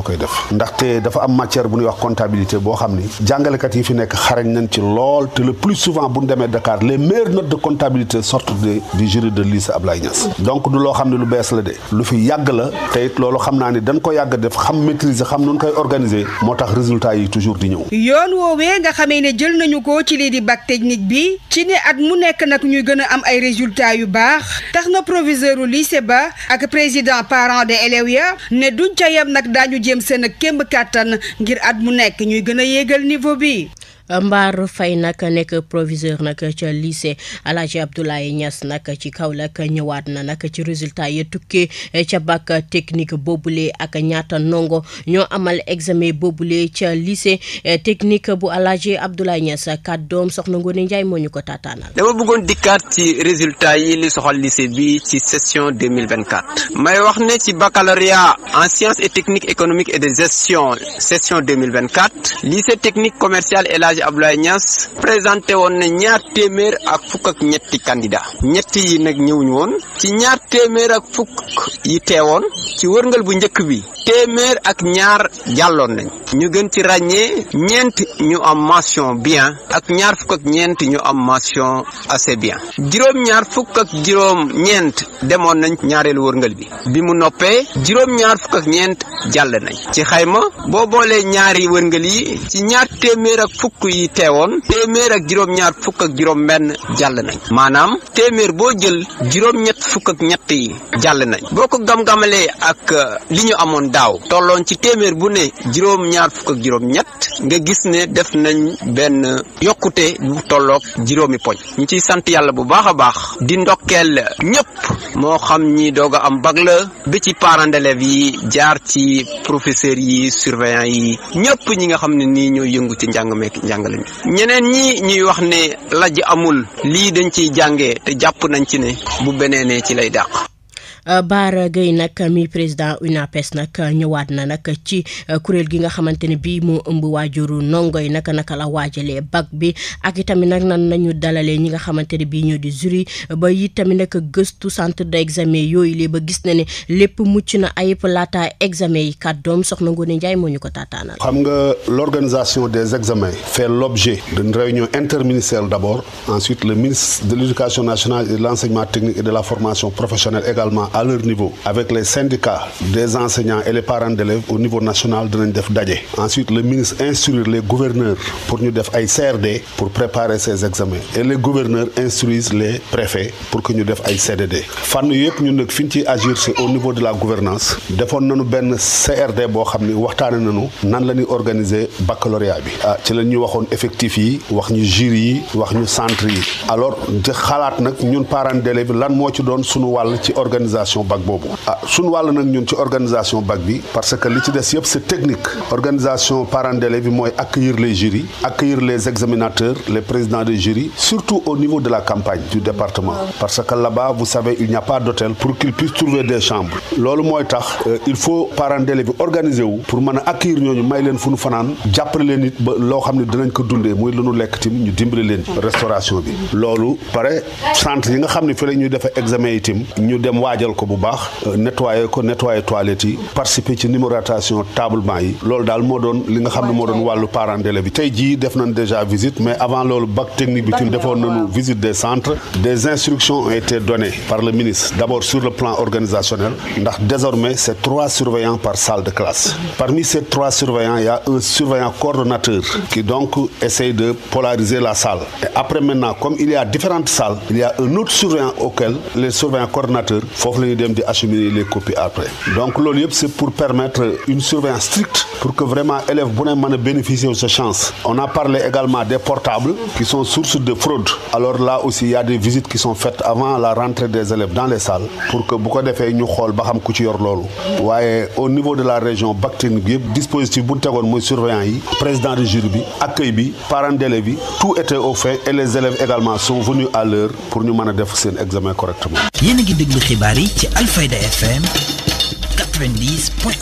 ñoo koy def ndaxte dafa am matière bu ñuy wax comptabilité boo xam ni jàngalekat yi fi nekk xarañ nañ ci lool te le plus souvent bu ñu Dakar les meilleures notes comptabilité sortent de du jury de lycée Ablaye Niass donc du loo xam ne lu bees la de lu fi yàgg la te loolu xam naa ne dañ ko yàgg def xam maîtriser xam nu ñu koy organiser moo tax résultat yi toujours di ñëw yoon woowee nga xamee ne jël nañu ko ci lii di bac technique bi ci ne at mu nekk nag ñuy gën a jéem seen kémb kàttan ngir at mu nekk ñuy gën a yéegal niveau bi Mbaar Faye nag nekk proviseur nag ca lycée El Hadj Abdoulaye Niass nag ci Kaolack ñëwaat na nag ci résultat yi tukkee ca bac technique boobule ak ñaata ndongo ñoo amal examen boobule ca lycée technique bu El Hadj Abdoulaye Niass kàddoom soxna Ngoné Ndiaye moo ñu ko taataanal. dama bëggoon dikkaat ci résultat yi li soxal lycée bi ci session 2024 may wax ne ci baccalauréat en sciences et techniques économiques et de gestion session 2024 lycée technique commercial Hadj Abdoulaye présenté woon nañ ñaar téeméer ak fukk ak ñetti candidat ñett yi nag ñëwuñu woon ci ñaar téeméer ak fukk yi teewoon ci wërngal bu njëkk bi téeméer ak ñaar jàlloon nañ ñu gën ci ràññee ñeent ñu am mention bien ak ñaar fukk ak ñeent ñu am mention assez bien juróom ñaar fukk ak juróom ñeent demoon nañ ñaareelu wërngal bi bi mu noppee juróom ñaar fukk ak ñeent jàll nañ ci xayma boo ñaari wërngal yi ci ñaar téeméer ak fukk yi teewoon téeméer ak juróom-ñaar fukk ak juróom-benn jàll nañ maanaam téeméer boo jël juróom-ñett fukk ak ñett yi jàll nañ boo ko gam-gamalee ak euh, li ñu amoon daaw tolloon ci téeméer bu ne juróom-ñaar fukk ak juróom-ñett nga gis ne def nañ benn yokkute bu tolloog juróomi poñ ñu ciy sant yàlla bu baax a baax di ndokkeel ñëpp moo xam ñi doog a am bag la bi ci parents d'élèves yi jaar ci professeurs yi surveillants yi ñëpp ñi nga xam ne nii ñoo yëngu ci njàng njàngale ñeneen ñi ñuy wax ne laj amul lii dañ ciy jànge te jàpp nañ ci ne bu beneenee ci lay dàq Euh, Bara Gueye nag mi président UNAPES nag ñëwaat na nag ci euh, kuréel gi nga xamante ne bii moo ëmb waajuru ndongo yi nag naka la waajalee bac bi ak itamit nag nan nañu dalalee ñi nga xamante ne bii ñoo di jury ba itamit nag gëstu centre d'examen yooyu lii ba gis na ne lépp mucc na ayib laata examen yi kàddoom soxna Ngoné Ndiaye moo ñu ko taataanal. xam nga l'organisation des examens fait l'objet d'une réunion interministérielle d'abord ensuite le ministre de l'éducation nationale et de la formation professionnelle également à leur niveau avec les syndicats des enseignants et les parents d'élèves au niveau national dinañ def daje. ensuite le ministre instruire les gouverneurs pour ñu def ay CRD pour préparer ces examens et les gouverneurs instruisent les préfets pour que ñu def ay CDD fànn yëpp ñun nag fi ñu ci agir c'est au niveau de la gouvernance defoon nañu benn CRD boo xam ni waxtaane nañu nan la ñuy organiser baccalauréat bi ah ci la ñuy waxoon effectif yi wax ñu jury yi wax ñu centre yi alors xalaat nag ñun parents d'élèves lan moo ci doon suñu wàll ci organisation organisation BAC boobu ah suñu wàll nag ñun ci organisation BAC bi parce que li ci des yëpp c'est technique organisation parents d'élèves bi mooy accueillir les jurys accueillir les examinateurs les présidents de jury surtout au niveau de la campagne du département parce que là vous savez il n'y d'hôtel pour qu'ils puissent trouver des chambres loolu mooy tax euh, il faut parents d'élèves bi organiser wu pour mën a accueillir ñooñu may leen fu nu fanaan jàppale leen it ba loo xam ne dinañ ko dundee muy lu nu lekk tamit ñu dimbale leen restauration bi loolu pare centre yi nga xam ne fii la ñuy defee setal ko bu baax nettoyer ko nettoyer toilettes participer ci numérotation tablement yi loolu daal moo doon li nga xam ne moo doon wàllu parent d'élèves bi tey jii def nañ déjà visite mais avant loolu bac technique bi tamit defoon nañu visite des centres des instructions ont été données par le ministre d'abord sur le plan organisationnel ndax désormais c'est trois surveillants par salle de classe parmi ces trois surveillants il a un surveillant coordonnateur qui donc a a la ñuy dem di acheminer les copies après donc loolu yëpp c'est pour permettre une surveillance stricte pour que vraiment élève bu ne mën a bénéficier de sa chance on a parlé également des portables qui sont source de fraude alors là aussi il des visites qui sont faites avant la rentrée des élèves dans les salles pour que bu ko defee ñu xool ba xam ku loolu waaye au niveau de la région Bactine bi yëpp dispositif bu ñu tegoon mooy surveillant yi président de jury bi accueil bi parents d'élèves yi les élèves également sont venus à l'heure pour ñu def seen examen ci Alfayda FM 90 point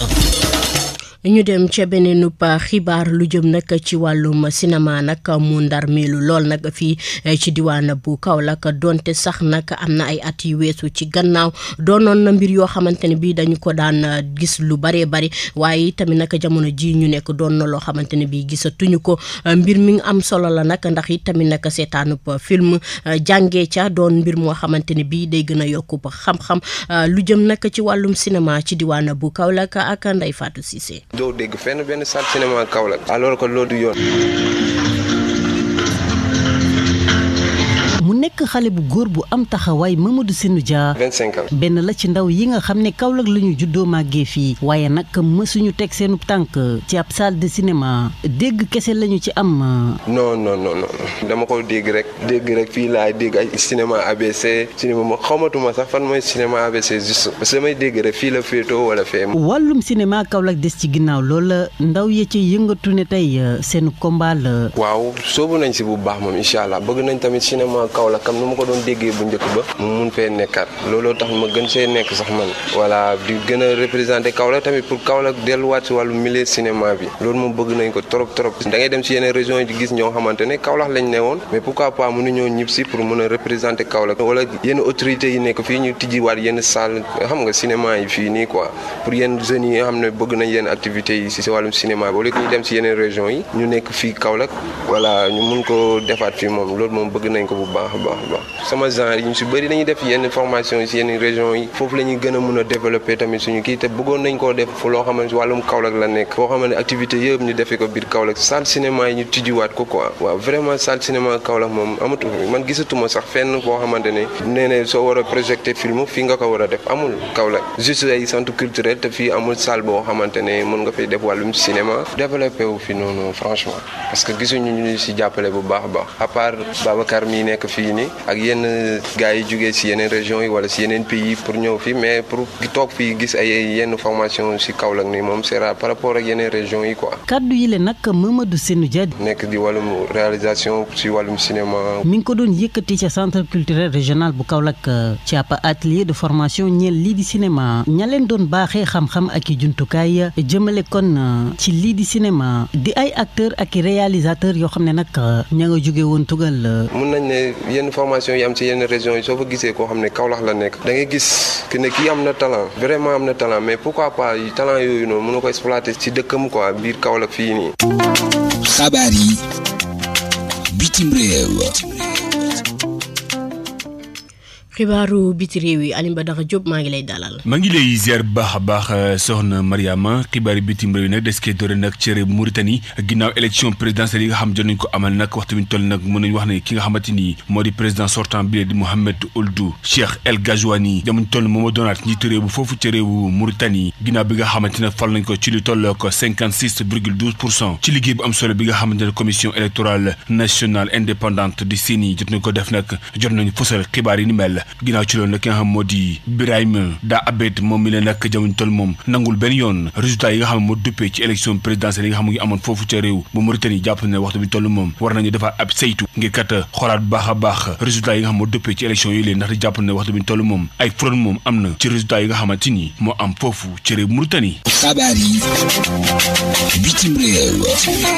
ñu dem ca beneen xibaar lu jëm nag ci wàllum cinéma nag mu ndar meelu lool nag fii eh, ci diwaan bu Kaolack donte sax nag am na ay at yu weesu ci gannaaw doonoon na mbir yoo xamante ne bii dañu ko daan eh, gis lu baree bari waaye tamit nag jamono ji ñu nekk doon na loo xamante ne bii gisatuñu ko eh, mbir mi am solo la nag ndax it tamit nag seetaanub film jàngee ca doon mbir moo xamante ne bii day gën a yokku xam-xam lu jëm nag ci wàllum cinéma ci diwaan bu Kaolack ak Ndeye Fatou Cissé. doo dégg fenn benn salle cinéma Kaolack alors que loolu du yoon. nekk xale bu góor bu am taxawaay Mamadou Sinu Dia. 25 ans benn la ci ndaw yi nga xam ne Kaolack la ñu juddoo màggee fii waaye nag mësuñu teg seenu tànk ci ab salle de cinéma dégg kese lañu ci am. no non non non dama ko dégg rek dégg rek fii laay dégg ay cinéma ABC cinéma ma xamatuma sax fan mooy cinéma ABC juste parce que damay dégg rek fii la féetoo wala fee. wàllum cinéma Kaolack des ci ginnaaw loola ndaw yi ci yëngatu ne tey euh, seen combat la. waaw soobu nañ si bu baax moom incha allah bëgg nañ tamit cinéma Kaolack kam nu ma déggee bu njëkk ba nekk sax man voilà di gën a pour Kaolack delluwaat si wàllu milieu cinéma bi loolu moom bëgg nañ ko trop trop da ngay si yeneen région yi gis ñoo xamante ne Kaolack lañ ne woon mais pourquoi pas mënuñoo si pour mën a représenté Kaolack wala yenn autorités yi nekk fii ñu tijjiwaat yenn salle xam nga cinéma yi fii nii quoi pour yenn jeunes yi nga xam ne bëgg nañ yenn activités yi si si wàllum cinéma bi wala région yi ñu nekk fii Kaolack voilà ñu mun ko defaat fii moom loolu moom bëgg nañ ko bu baax a baax a baax sama genre ñu si bëri dañuy def yenn formation si région yi foofu la gën a mun a développer suñu kii te bëggoon nañ koo def fu loo xam ne wàllum Kaolack la nekk foo xam ne activité yëpp ñu defee ko biir Kaolack salle cinéma yi ñu tijjiwaat ko quoi waaw vraiment salle cinéma Kaolack moom amatu man gisatuma sax fenn foo xamante ne nee soo war a projeté film fii nga ko war a def amul Kaolack juste ay centre culturel te fii amul salle boo xamante ne mën nga fay def wàllum cinéma développé wu fi noonu franchement parce que gisuñu ñu si jàppale bu baax a baax États-Unis ak yenn gars yi jugee si yeneen régions yi wala si yeneen pays pour ñëw fii mais pour toog fii gis ay yenn formation si Kaolack ni moom c'est rare par rapport ak yeneen régions yi ko kaddu yi la nag Mamadou Sénou Dia. nekk di wàllum réalisation si wàllum cinéma. mi ngi ko doon yëkkati ca centre culturel régional bu Kaolack euh, ci ab atelier de formation ñeel lii di cinéma ña leen doon baaxee xam-xam ak i ya euh, jëmale kon euh, ci lii di cinéma di ay acteurs ak i réalisateurs yoo xam ne nag ña nga jóge woon tugal. mun yenn formation yi am ci yenn région yi soo fa gisee koo xam ne Kaolack la nekk dangay ngay gis que ne kii am na talent vraiment am na talent mais pourquoi pas talent yooyu noonu mën na ko exploiter ci dëkkam quoi biir Kaolack fii nii. xabaar yi bitim réew. xibaaru biti réew yi Alioune Badara Diop maa ngi lay dalal. maa ngi lay ziar bu baax a baax soxna Mariama xibaaru bitim réew yi nag des koy doore nag ci réew Mauritanie ginnaaw élection présidentielle yi nga xam jot nañ ko amal nag waxtu bi ñu toll nag mën nañu wax ne ni moo di président sortant toll moom moo doonaat njiitu réew bu foofu ci réewu Mauritanie ginnaaw bi nga xamante ne fal nañ ko ci li toll ko cinquante six virgule douze pour cent ci liggéey bu am solo bi nga xamante ne commission électorale nationale indépendante di CENI jot nañ ko def nag jot nañ fësal xibaar yi ni mel ginnaaw ci loolu nag ki nga xam moo di Birahim daa abed moom mi ne nag jamono toll moom nangul benn yoon résultat yi nga xam moo duppee ci élection présidentielle yi nga xam mu ngi amoon foofu ca réew bu Mauritanie jàpp ne waxtu bi toll moom war nañu defaat ab saytu ngir kat xoolaat a baax moo duppee ci élection yooyu leen ndax di jàpp ne waxtu bi toll moom ay fraude moom am na ci résultat yi nga xamante moo am foofu ci réew Mauritanie xabaar yi bitim réew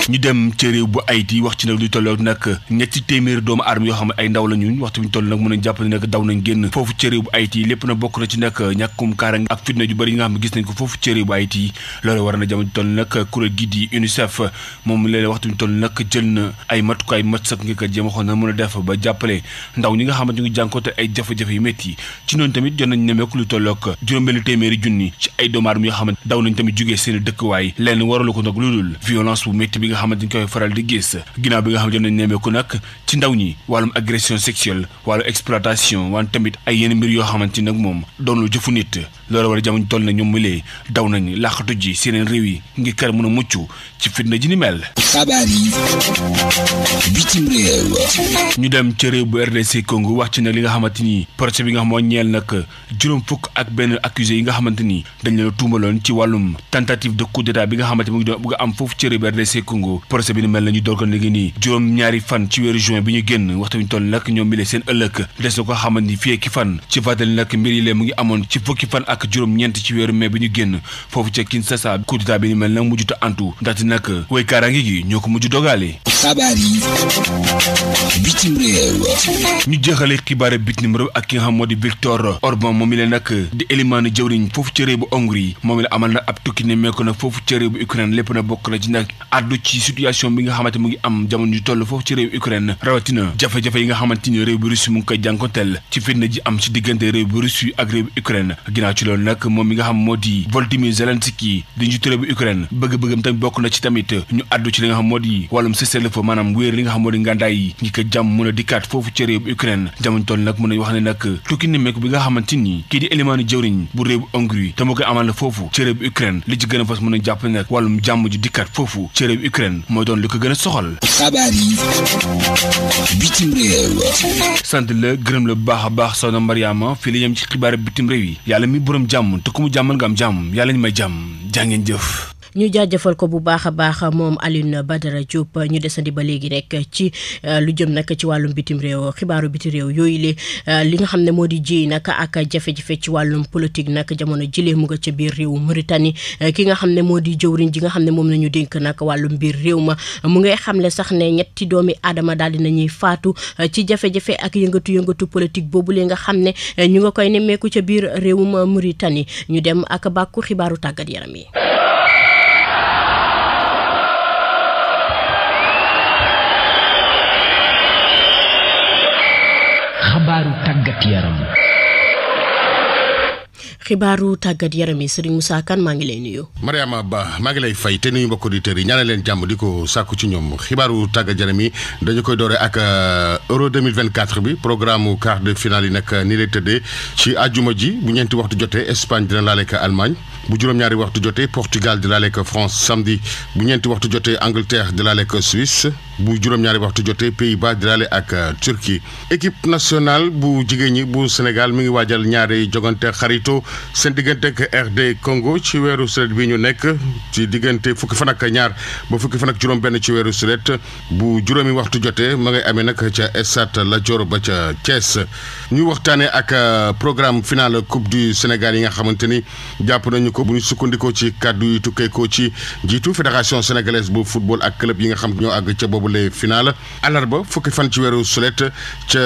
ñu ci réew bu Haïti wax ci nag lu tolloog nag ñetti téeméer xam ne ay ndaw la ñu waxtu bi toll nag mën nañ doon génn foofu ci réew bu Haïti lépp na bokk na ci nag ñàkkum ci na jamono toll a xool na mën a def ndaw ñi nga xamante ñu ngi jànkoonte ay jafe-jafe yu métti ci noonu tamit jot nañ nemeeku lu tolloog juróom-benn téeméeri junni ci ay doomu aadama yoo xamante daw nañ tamit jógee seen dëkkuwaay lenn waralu ko nag lu dul bi nga xamante ñu koy faral di gis ginnaaw bi nga xam ne jot nañ nemeeku nag tamit ay yenn mbir yoo xamante nag moom doon jëfu nit loolu war a jamono toll na ñoom milee daw nañ làqatu ji seeneen réew yi ngir kër mën a mucc ci fitna ji ni mel. xabaar yi bitim réew. ñu dem ci réew bu RDC Congo wax ci nag li nga xamante ni procès bi nga xam moo ñeel nag juróom fukk ak benn yi nga xamante ni dañ leen a tuumaloon ci wàllum tentative de coup d'état bi nga xamante mu ngi doon bëgg a am foofu ci réew bu RDC Congo procès bi ni mel na ñu door ko léegi nii juróom ñaari fan ci weeru juin bi ñu génn waxtu bi ñu toll nag ñoom milee seen ëllëg des na ko ki fan ci fàttali nag mbir mu ngi amoon ci fukki fan ak juróom-ñeent ci weeru mai bi ñu génn foofu ca Kinshasa coup d'état bi ni mel nag mujjuta ñoo ko mujj dogaale xabaar yi bitim réew ñu jeexale xibaar bitim réew ak ki nga xam moo di Victor Orban moom mi la nag di élimaanu jëwriñ foofu ca réew bu Hongrie moom la amal na ab tukki ne meeko na foofu ca réew Ukraine lépp na bokk na ci nag addu ci situation bi nga xamante mu ngi am jamono ju toll foofu ci réew Ukraine rawatina jafe-jafe yi nga xamante ni réew bu Russie mu ngi koy jànkonteel ci fitna ji am ci diggante réew bu Russie ak réew Ukraine ginnaaw ci loolu nag moom mi nga xam moo di Volodymyr Zelensky di njiitu réew bu Ukraine bëgg-bëggam tamit bokk na ci tamit ñu àddu ci li nga xam moo di wàllum cessez-le-feu maanaam mën a dikkaat foofu ci réew bu Ukraine jamono toll nag mën nañu wax ne nag tukki nemmeeku bi nga xamante ni kii di Elimaanu jëwriñ bu réew bu Hongrie te moo koy amal foofu ci réew bu Ukraine li ci gën a fas mën a jàpp nag wàllum jàmm ju dikkaat foofu ci réew bu Ukraine mooy doon li a soxal la gërëm la bu baax a baax soxna Mariama fii la yem ci xibaar bitim yi am jàmm te ku mu jàmmal jàmm yàlla ñu may jàmm jaa jëf ñu jaajëfal ko bu baax a baax moom alin ba dara Diop ñu desandi ba léegi rek ci euh, lu jëm nag ci wàllum bitim réew xibaaru bitim réew yooyu la euh, li nga xam ne moo di ji nag ak jafe ci wàllum politique nag jamono jilee mu nga ca biir réew Mauritanie euh, ki nga xam ne moo di jëwriñ ji nga xam ne moom la ñu dénk nag wàllum biir réew ma mu ngay ne sax ne ñetti doomi aadama daal nañuy faatu ci jafe-jafe ak yëngatu-yëngatu politique boobu lee nga xam ne ñu nga koy nemmeeku ca biir réewum Mauritanie ñu dem ak bàkku xibaaru tàggat yaram yi xibaaru tàggat yaram xibaaru tàggat yaram yi Serigne Moussa Kane maa ngi lay nuyu. Mariama Ba maa ngi lay fay te nuyu mbokk auditeurs yi ñaanal leen jàmm di ko sàkku ci ñoom xibaaru tàggat yaram yi dañu koy doore ak euh, euro 2024 bi programme mu quart de finale yi nag ni lay tëddee ci àjjuma ji bu ñeenti waxtu jotee Espagne dina laale ak Allemagne bu juróom-ñaari waxtu jotee Portugal di laale ak France samedi bu ñeenti waxtu jotee Angleterre di laale ak Suisse bu juróom-ñaari waxtu jotee Pays-Bas di laale ak euh, Turquie équipe nationale bu jigéen ñi bu Sénégal mi ngi waajal ñaari jogante xarito seen diggante ak RD Congo ci weeru sulet bi ñu nekk ci diggante fukki fan ak ñaar ba fukki fan ak juróom-benn ci weeru sulet bu juróomi waxtu jotee ma ngay amee nag ca stade Lat Dior ba ca Thiès. ñu waxtaanee ak euh, programme final coupe du Sénégal yi nga xamante ni jàpp nañu ko bu ñu sukkandikoo ci kàddu yi tukkeekoo ci jiitu fédération sénégalaise bu football ak club yi nga xam ñoo àgg ca boobule final alarba fukki fan ci weeru sulet ca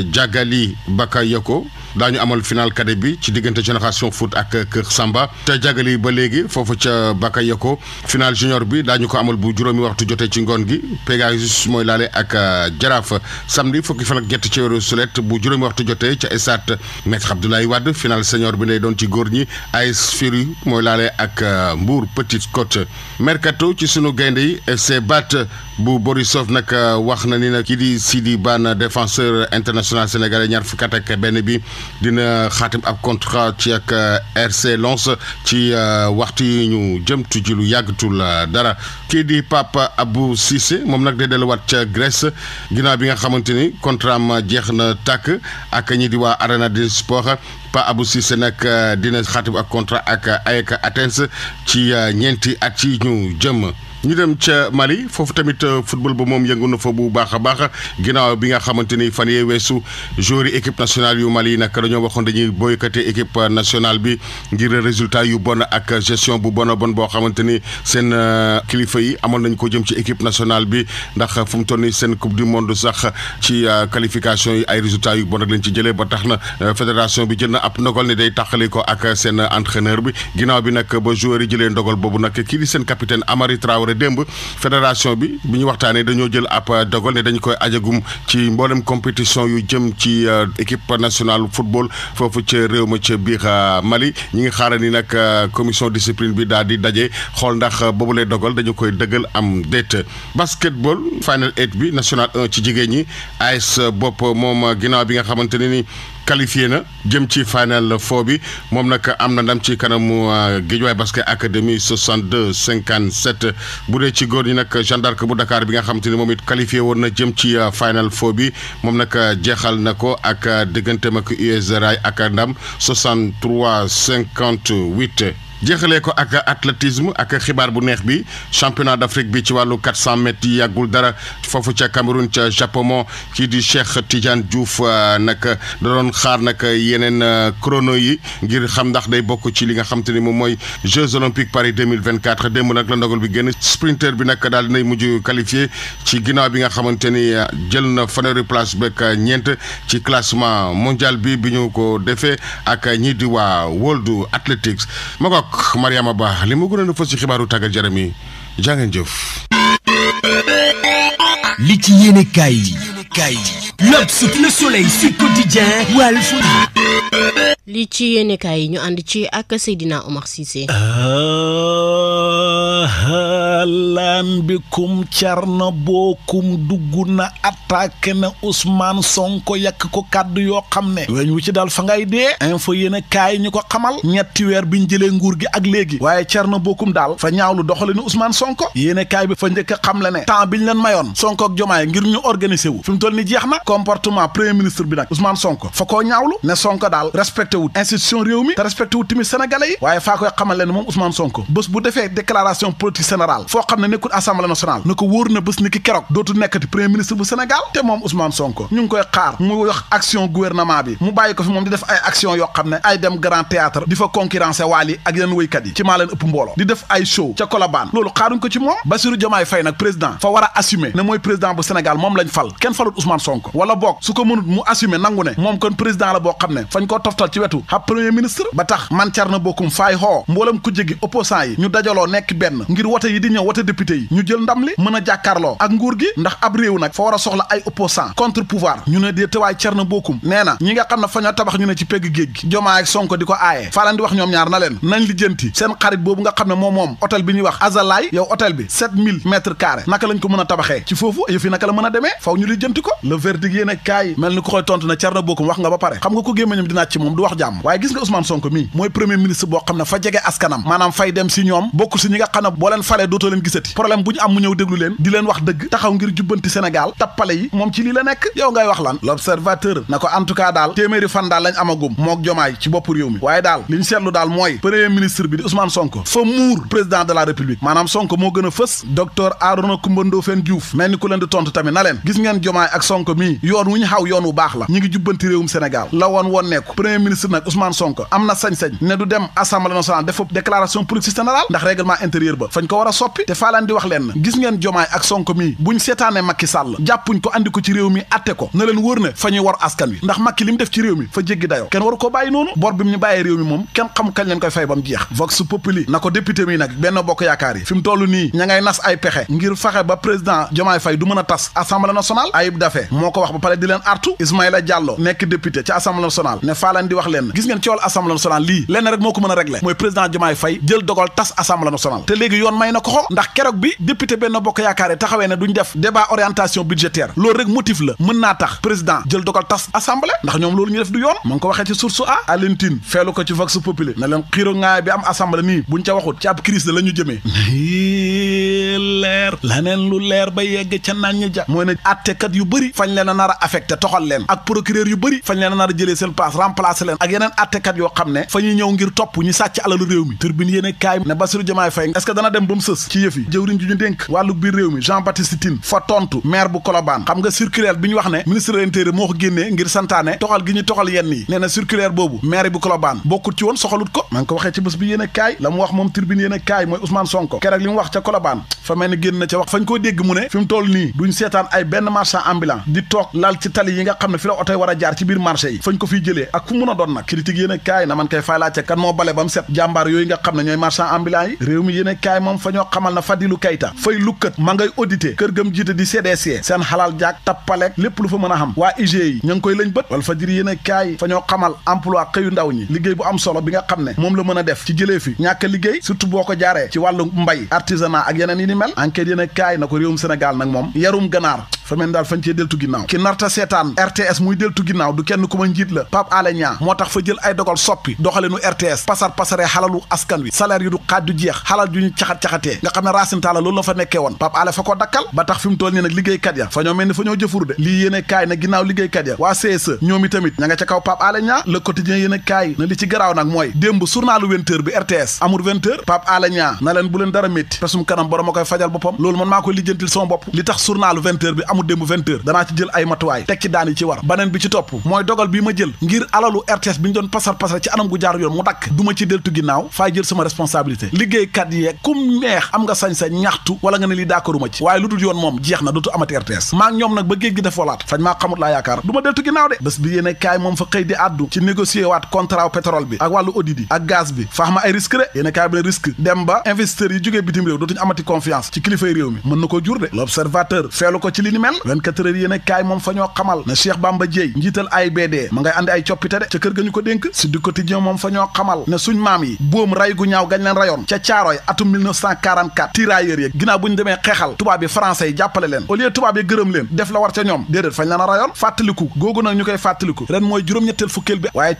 Diagali Bakayoko. daañu amal final cadet bi ci diggante génération foot ak Kër Samba te yi ba léegi foofu ca Bakayoko final junior bi daañu ko amal bu juróomi waxtu jotee ci ngoon gi Pegasus mooy laale ak euh, Jaraaf samedi fukki fan ak ñett ci weeru sulet bu juróomi waxtu jote ca stade Maître ay Wade final senior bi lay doon ci góor ñi AS Firi mooy laale ak euh, Mbour Petite Côte mercato ci suñu gaynde yi FC Bat bu Borisov nag euh, wax na ni nag kii di Sidi Ban défenseur international sénégalais ñaar fukkat benn bi dina xaatim ak contrat ci ak euh, RC Lens ci euh, waxtu yi ñu jëm ci lu yàggatul euh, dara kii di Papa Abou Cissé moom nag day delluwaat ca Grèce ginnaaw bi nga xamante ni contrat am jeex na tàkk ak ñi di waa Arena du Sport Pa Abou Cissé nag dina xaatim ak contrat ak AEK Athènes ci ñeenti at yi ñu jëm. ñu dem ca Mali foofu tamit euh, football ba moom yëngu na fa bu baax a baax ginnaaw bi nga xamante ni fan yee weesu joueurs équipe nationale yu Mali nag dañoo waxoon dañuy boycotté équipe euh, nationale bi ngir résultat yu bon ak gestion bu bon bon boo xamante ni seen euh, kilifa yi amoon nañ ko jëm ci équipe nationale bi ndax fu mu toll nii seen coupe du monde sax ci qualification yi ay résultats yu bon rek lañ ci jëlee ba tax na fédération bi jël na ab ndogal ne day taxali ko ak seen entraîneur bi ginnaaw bi nag ba joueurs jëlee ndogal boobu nag seen capitaine Amari après démb fédération bi bi ñu waxtaanee dañoo jël ab dogal ne dañu koy ajagum ci mboolem compétition yu jëm ci euh, équipe nationale football foofu ca réew ma ca biir euh, Mali ñi ngi xaaral ni nag euh, commission discipline bi daal di daje xool ndax boobulee dogal dañu koy dëggal am déet basketball final eight bi national 1 ci jigéen ñi AS bopp moom ginnaaw bi nga xamante ne ni qualifié na jëm ci final foo bi moom nag am na ndam ci kanamu euh, Guédiawaye Basket Academy 62 57 bu dee ci góor ñi nag Jeanne d'Arc bu Dakar bi nga xam ni moom it qualifié woon na jëm ci euh, final foo bi moom nag euh, jeexal na ko ak digganteem ak US ak ndam 63 58. jeexalee ko ak athlétisme ak xibaar bu neex bi championnat d'Afrique bi ci wàllu 400 mètres yi yàggul dara foofu ca Cameroun ca kii di Cheikh Tidiane Diouf euh, nag da doon xaar nag yeneen euh, chrono yi ngir xam ndax day bokk ci li nga xam te ni moom mooy Jeux olympiques Paris 2024 démb nag la ndogal bi génn sprinter bi nag daal dinay mujj qualifié ci ginnaaw bi nga xamante ni euh, jël na fanweeri place beeg ñeent ci classement mondial bi bi ñu ko defee ak ñii di waa World Athletics ak Mariama Ba li mu gënoon a fës ci xibaaru tàggat yaram yi ci kaay yi kaay L'Obs, Le Soleil, Sud li ci yéenekaay yi ñu ànd ci ak Seydina Omar Cissé lan bikum carna bookum dugg na attaqué na Ousmane Sonko yàkk ko kàddu yoo xam ne weñ wu ci dal fa ngay dee info yéen a kaay ñu ko xamal ñetti weer biñ jëlee nguur gi ak léegi waaye na bokkum daal fa ñaawlu doxale ni Ousmane Sonko yéen kaay bi fa njëkk xam la ne temps biñ leen mayoon Sonko ak Jomaay ngir ñu organiser wu fi mu toll ni jeex na comportement premier ministre bi nag Ousmane Sonko fa koo ñaawlu ne Sonko daal respecté wut institution réew mi te respecté wut tamit sénégalais yi waaye faa koy xamal leen moom Ousmane Sonko bés bu defee déclaration politique générale foo xam ne nekkul assemblée nationale na ko wóor na bés ni ki dootu nekkati premier ministre bu Sénégal te moom Ousmane Sonko ñu ngi koy xaar mu wax action gouvernement bi mu bàyyi ko fi moom di def ay action yoo xam ne ay dem grand théâtre di fa concurrencer waal yi ak yi ci maa leen ëpp mbooloo di def ay show ca Colobane ko ci moom Bassirou Diomaye Faye nag président fa war a assumer Sénégal moom lañ fal kenn falut Ousmane Sonko wala book su ko mënut mu assumer nangu ne moom kon président la boo xam ne fañ ko toftal ci wetu ab premier ministre ba tax man car na bokkum faay xoo mboolam ku jégi opposant yi ñu dajaloo nekk benn ngir wote yi di ñëw wote député yi ñu jël ndam li mën a jàkkaarloo ak nguur gi ndax ab réew na fa war a soxla ay opposant contre pouvoir ñu ne dee tewaay car na bokkum nee na ñi nga xam ne fa ñoo tabax ñu ne ci pegg géej gi jomaa ak sonko di ko aaye faalan di ñaar na leen nañ lijjanti seen xarit boobu nga xam ne moom moom hôtel bi ñuy wax azalaay yow hôtel bi sept mille mètres carrés naka lañ ko mën a tabaxee ci foofu yëf yi naka la demee faw ñu lijjanti ko critique yéen kaay mel ni ko koy tontu na Thierno Bocoum wax nga ba pare xam nga ko gémmañam dinaa ci moom du wax jàmm waaye gis nga Ousmane Sonko mii mooy premier ministre boo xam ne fa jege askanam maanaam fay dem si ñoom bokk si ñi nga xam ne boo leen falee dootoo leen gisati problème bu ñu am mu ñëw déglu leen di leen wax dëgg taxaw ngir jubbanti Sénégal tappale yi moom ci lii la nekk yow ngay wax lan l'observateur na ko en daal téeméeri fan a fës docteur Arona Coumba nii yoon wu ñu xaw yoon wu baax la ñu ngi jubbanti réewum Sénégal la woon woon nekku premier ministre nag Ousmane Sonko am na sañ-sañ ne du dem assemblée nationale def déclaration politique générale ndax règlement intérieur ba fañ ko war a soppi te faa leen di wax leen gis ngeen jomaay ak Sonko mii buñ seetaane Macky Sall jàppuñ ko andi ko ci réew mi atte ko na leen wóor ne fa ñuy war askan wi ndax Macky li mu def ci réew mi fa jéggi dayoo kenn waru ko b noonu bor bi mu ñu bàyyee réew mi moom kenn xamu kañ leen koy fay toll nii ña ngay nas ay pexe ngir fexe ba président jomaay fay du a tas assemblée ko wax ba pare di leen artu Ismaïla Diallo nekk député ci assemblée nationale ne faa di wax leen gis ngeen cool assemblée nationale lii lenn rek moo ko mën a régler mooy président Diomaye Faye jël dogal tas assemblée nationale te léegi yoon may na ko ko ndax keroog bi député benn bokk yaakaar taxawee ne duñ def débat orientation budgétaire loolu rek motif la mën naa tax président jël dogal tas assemblée ndax ñoom loolu ñu def du yoon ma a ak procureur yu bëri fañ leen a nar a jëlee seen place remplacé leen ak yeneen attekat yoo xam ne fa ñëw ngir topp ñu sàcc alalu réew mi turbine yéen kaay ne Bassirou Diomaye Faye est dana dem ba mu sës ci yëf yi jëwriñ ji ñu dénk wàllu biir réew mi Jean Baptiste Tine fa tontu maire bu Colobane xam nga circulaire bi wax ne ministre de l'intérieur moo ko génnee ngir santaane toxal gi ñu toxal yenn yi nee na circulaire boobu maire bu Colobane bokkut ci woon toog laal ci tali yi nga xam ne fi la oto yi war a jaar ci biir marché yi fañ ko fiy jëlee ak fu mën a doon nag critique yéen a kaay na man koy fay laajte kan moo bale ba mu set jàmbaar yooyu nga xam ne ñooy marchand ambulant yi réew mi yéen a kaay moom fa ñoo xamal na Fadilou Keita fay lukkat ma ngay kër gëm jiite di CDC seen xalaal jaak tappaleek lépp lu fa mën a xam waa IGE yi ña ngi koy lañ bët wala fa jiri yéen a kaay fa ñoo xamal emploi xëyu ndaw ñi liggéey bu am solo bi nga xam ne moom la mën a def ci jëlee fi ñàkk liggéey surtout boo ko jaaree ci wàllu mbay artisanat ak yeneen yi ni mel enquête yéen a kaay na ko réewum Sénégal nag yarum ganaar fa mel daal fañ cee deltu ginnaaw ki narta seetaan RTS muy deltu ginnaaw du kenn ku ma njiit la Pape Alé Niang moo tax fa jël ay dogal soppi doxalinu RTS pasar pasaree xalalu askan wi salaire yi du xaaj du jeex xalal ju ñu caxat-caxatee nga xam ne Racine Talla loolu la fa nekkee woon Pape Alé fa ko dakkal ba tax fi mu toll nii nag liggéeykat ya fa ñoo ni fa ñoo jëfur de lii yéene kaay na ginnaaw liggéeykat ya waa CSE ñoom itamit ña nga ca kaw Pape na li ci garaaw nag mooy démb journalu vingt heures bi RTS amul vingt heures Pape a amu démb danaa ci jël ay matuwaay teg daan yi ci war baneen bi ci topp mooy dogal bi ma jël ngir alalu RTS bi ñu doon pasar pasar ci anam gu jaar yoon mu dakk du ci deltu ginnaaw faay jël sama responsabilité liggéeykat yeeg kum neex am nga sañ sa ñaxtu wala nga ne lii d'accorduma ci waaye lu dul yoon moom jeex na dootu amati RTS maa ñoom nag ba géej gi def walaat fañ maa xamut laa yaakaar du deltu ginnaaw de bés bi yéene moom fa xëy di àddu leneen 24 heures yéen moom fa ñoo xamal na Cheikh Bamba Dièye njiital AIBD ma ngay andi ay coppite de ca kër ga ñu ko dénk si du quotidien moom fa ñoo xamal ne suñ maam yi boom ray gu ñaaw gañ leen rayoon ca caaroy atum 1944 tirailleurs yi ginnaaw bu ñu demee xeexal tubaab yi français yi jàppale leen au lieu tubaab yi gërëm leen def la war ca ñoom déedéet fañ leen a rayoon fàttaliku googu nag ñu koy fàttaliku ren mooy juróom-ñetteel fukkeel bi waaye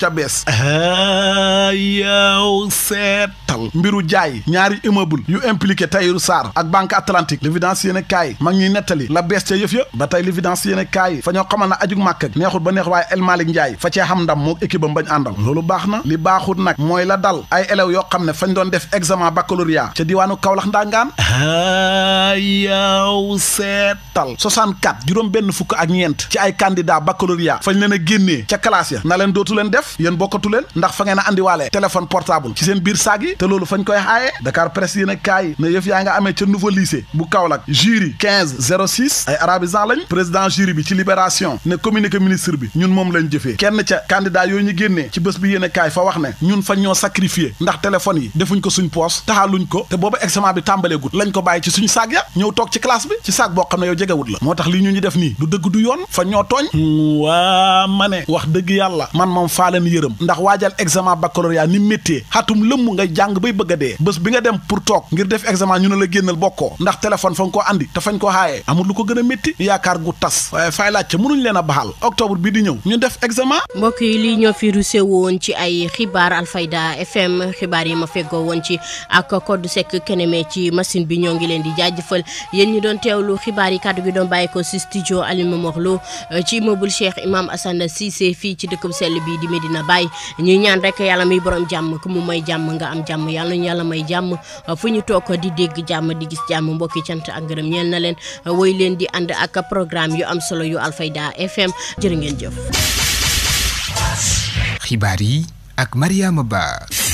ca bees ah, yow seetal mbiru jaay ñaari immeuble yu impliqué Tahirou Sarr ak Banque Atlantique l'évidence yéen a kaay mag ñuy nettali la bees ca yëf ya ba tey l'évidence yéen a kaay fa ñoo xamal na ajug màkk ak neexut ba neex waaye El Malick fa cee xam ndam moo équipe am bañ àndal loolu baax na li baaxut nag mooy la dal ay élèves yoo xam ne fañ doon def examen baccalauréat ca diwaanu Kaolack ndangaan ah, yow seetal 64 juróom benn fukk ak ñeent ci ay kandidaa baccalauréat fañ leen a génnee ca classe ya na leen dootu leen def def yéen bokkatu leen ndax fa ngeen a andiwaale téléphone portable ci seen biir saag yi te loolu fañ koy xaayee Dakar presse yéen a kaay na yëf yaa nga amee ca nouveau lycée bu Kaolack jury ay arabisant lañ président jury bi ci libération ne communiqué ministre bi ñun moom lañ jëfee kenn ca candidat yooyu ñu génnee ci bés bi yéen kaay fa wax ne ñun fañ ñoo sacrifié ndax téléphone yi defuñ ko suñ poos taxaluñ ko te booba examen bi tàmbaleegut lañ ko bàyyi la maa leen yërëm ndax waajal examen baccalauréat ni méttee xatum lëmm ngay jàng bay bëgg a dee bés bi nga dem pour toog ngir def examen ñu ne la génnal bokkoo ndax téléphone fa nga koo àndi te fañ ko xaayee amul lu ko gën a métti yaakaar gu tas waaye fay laajte mënuñ leen a baxal octobre bi di ñëw ñu def examen mbokk yi lii ñoo fi rusé woon ci ay xibaar Alfayda FM xibaar yi ma feggoo woon ci ak code sec keneme ci machine bi ñoo ngi leen di jaajëfal yéen ñi doon teewlu xibaar yi kàddu gi doon bàyyi ko si studio Medina Baye ñuy ñaan rekk yàlla muy borom jàmm ku mu may jàmm nga am jàmm yàlla ñu yàlla may jàmm fu ñu toog di dégg jàmm di gis jàmm mbokki cant ak ngërëm ñeel na leen woy leen di ànd ak programme yu am solo yu Alfayda FM jërë ngeen jëf. xibaar yi ak Mariama Ba.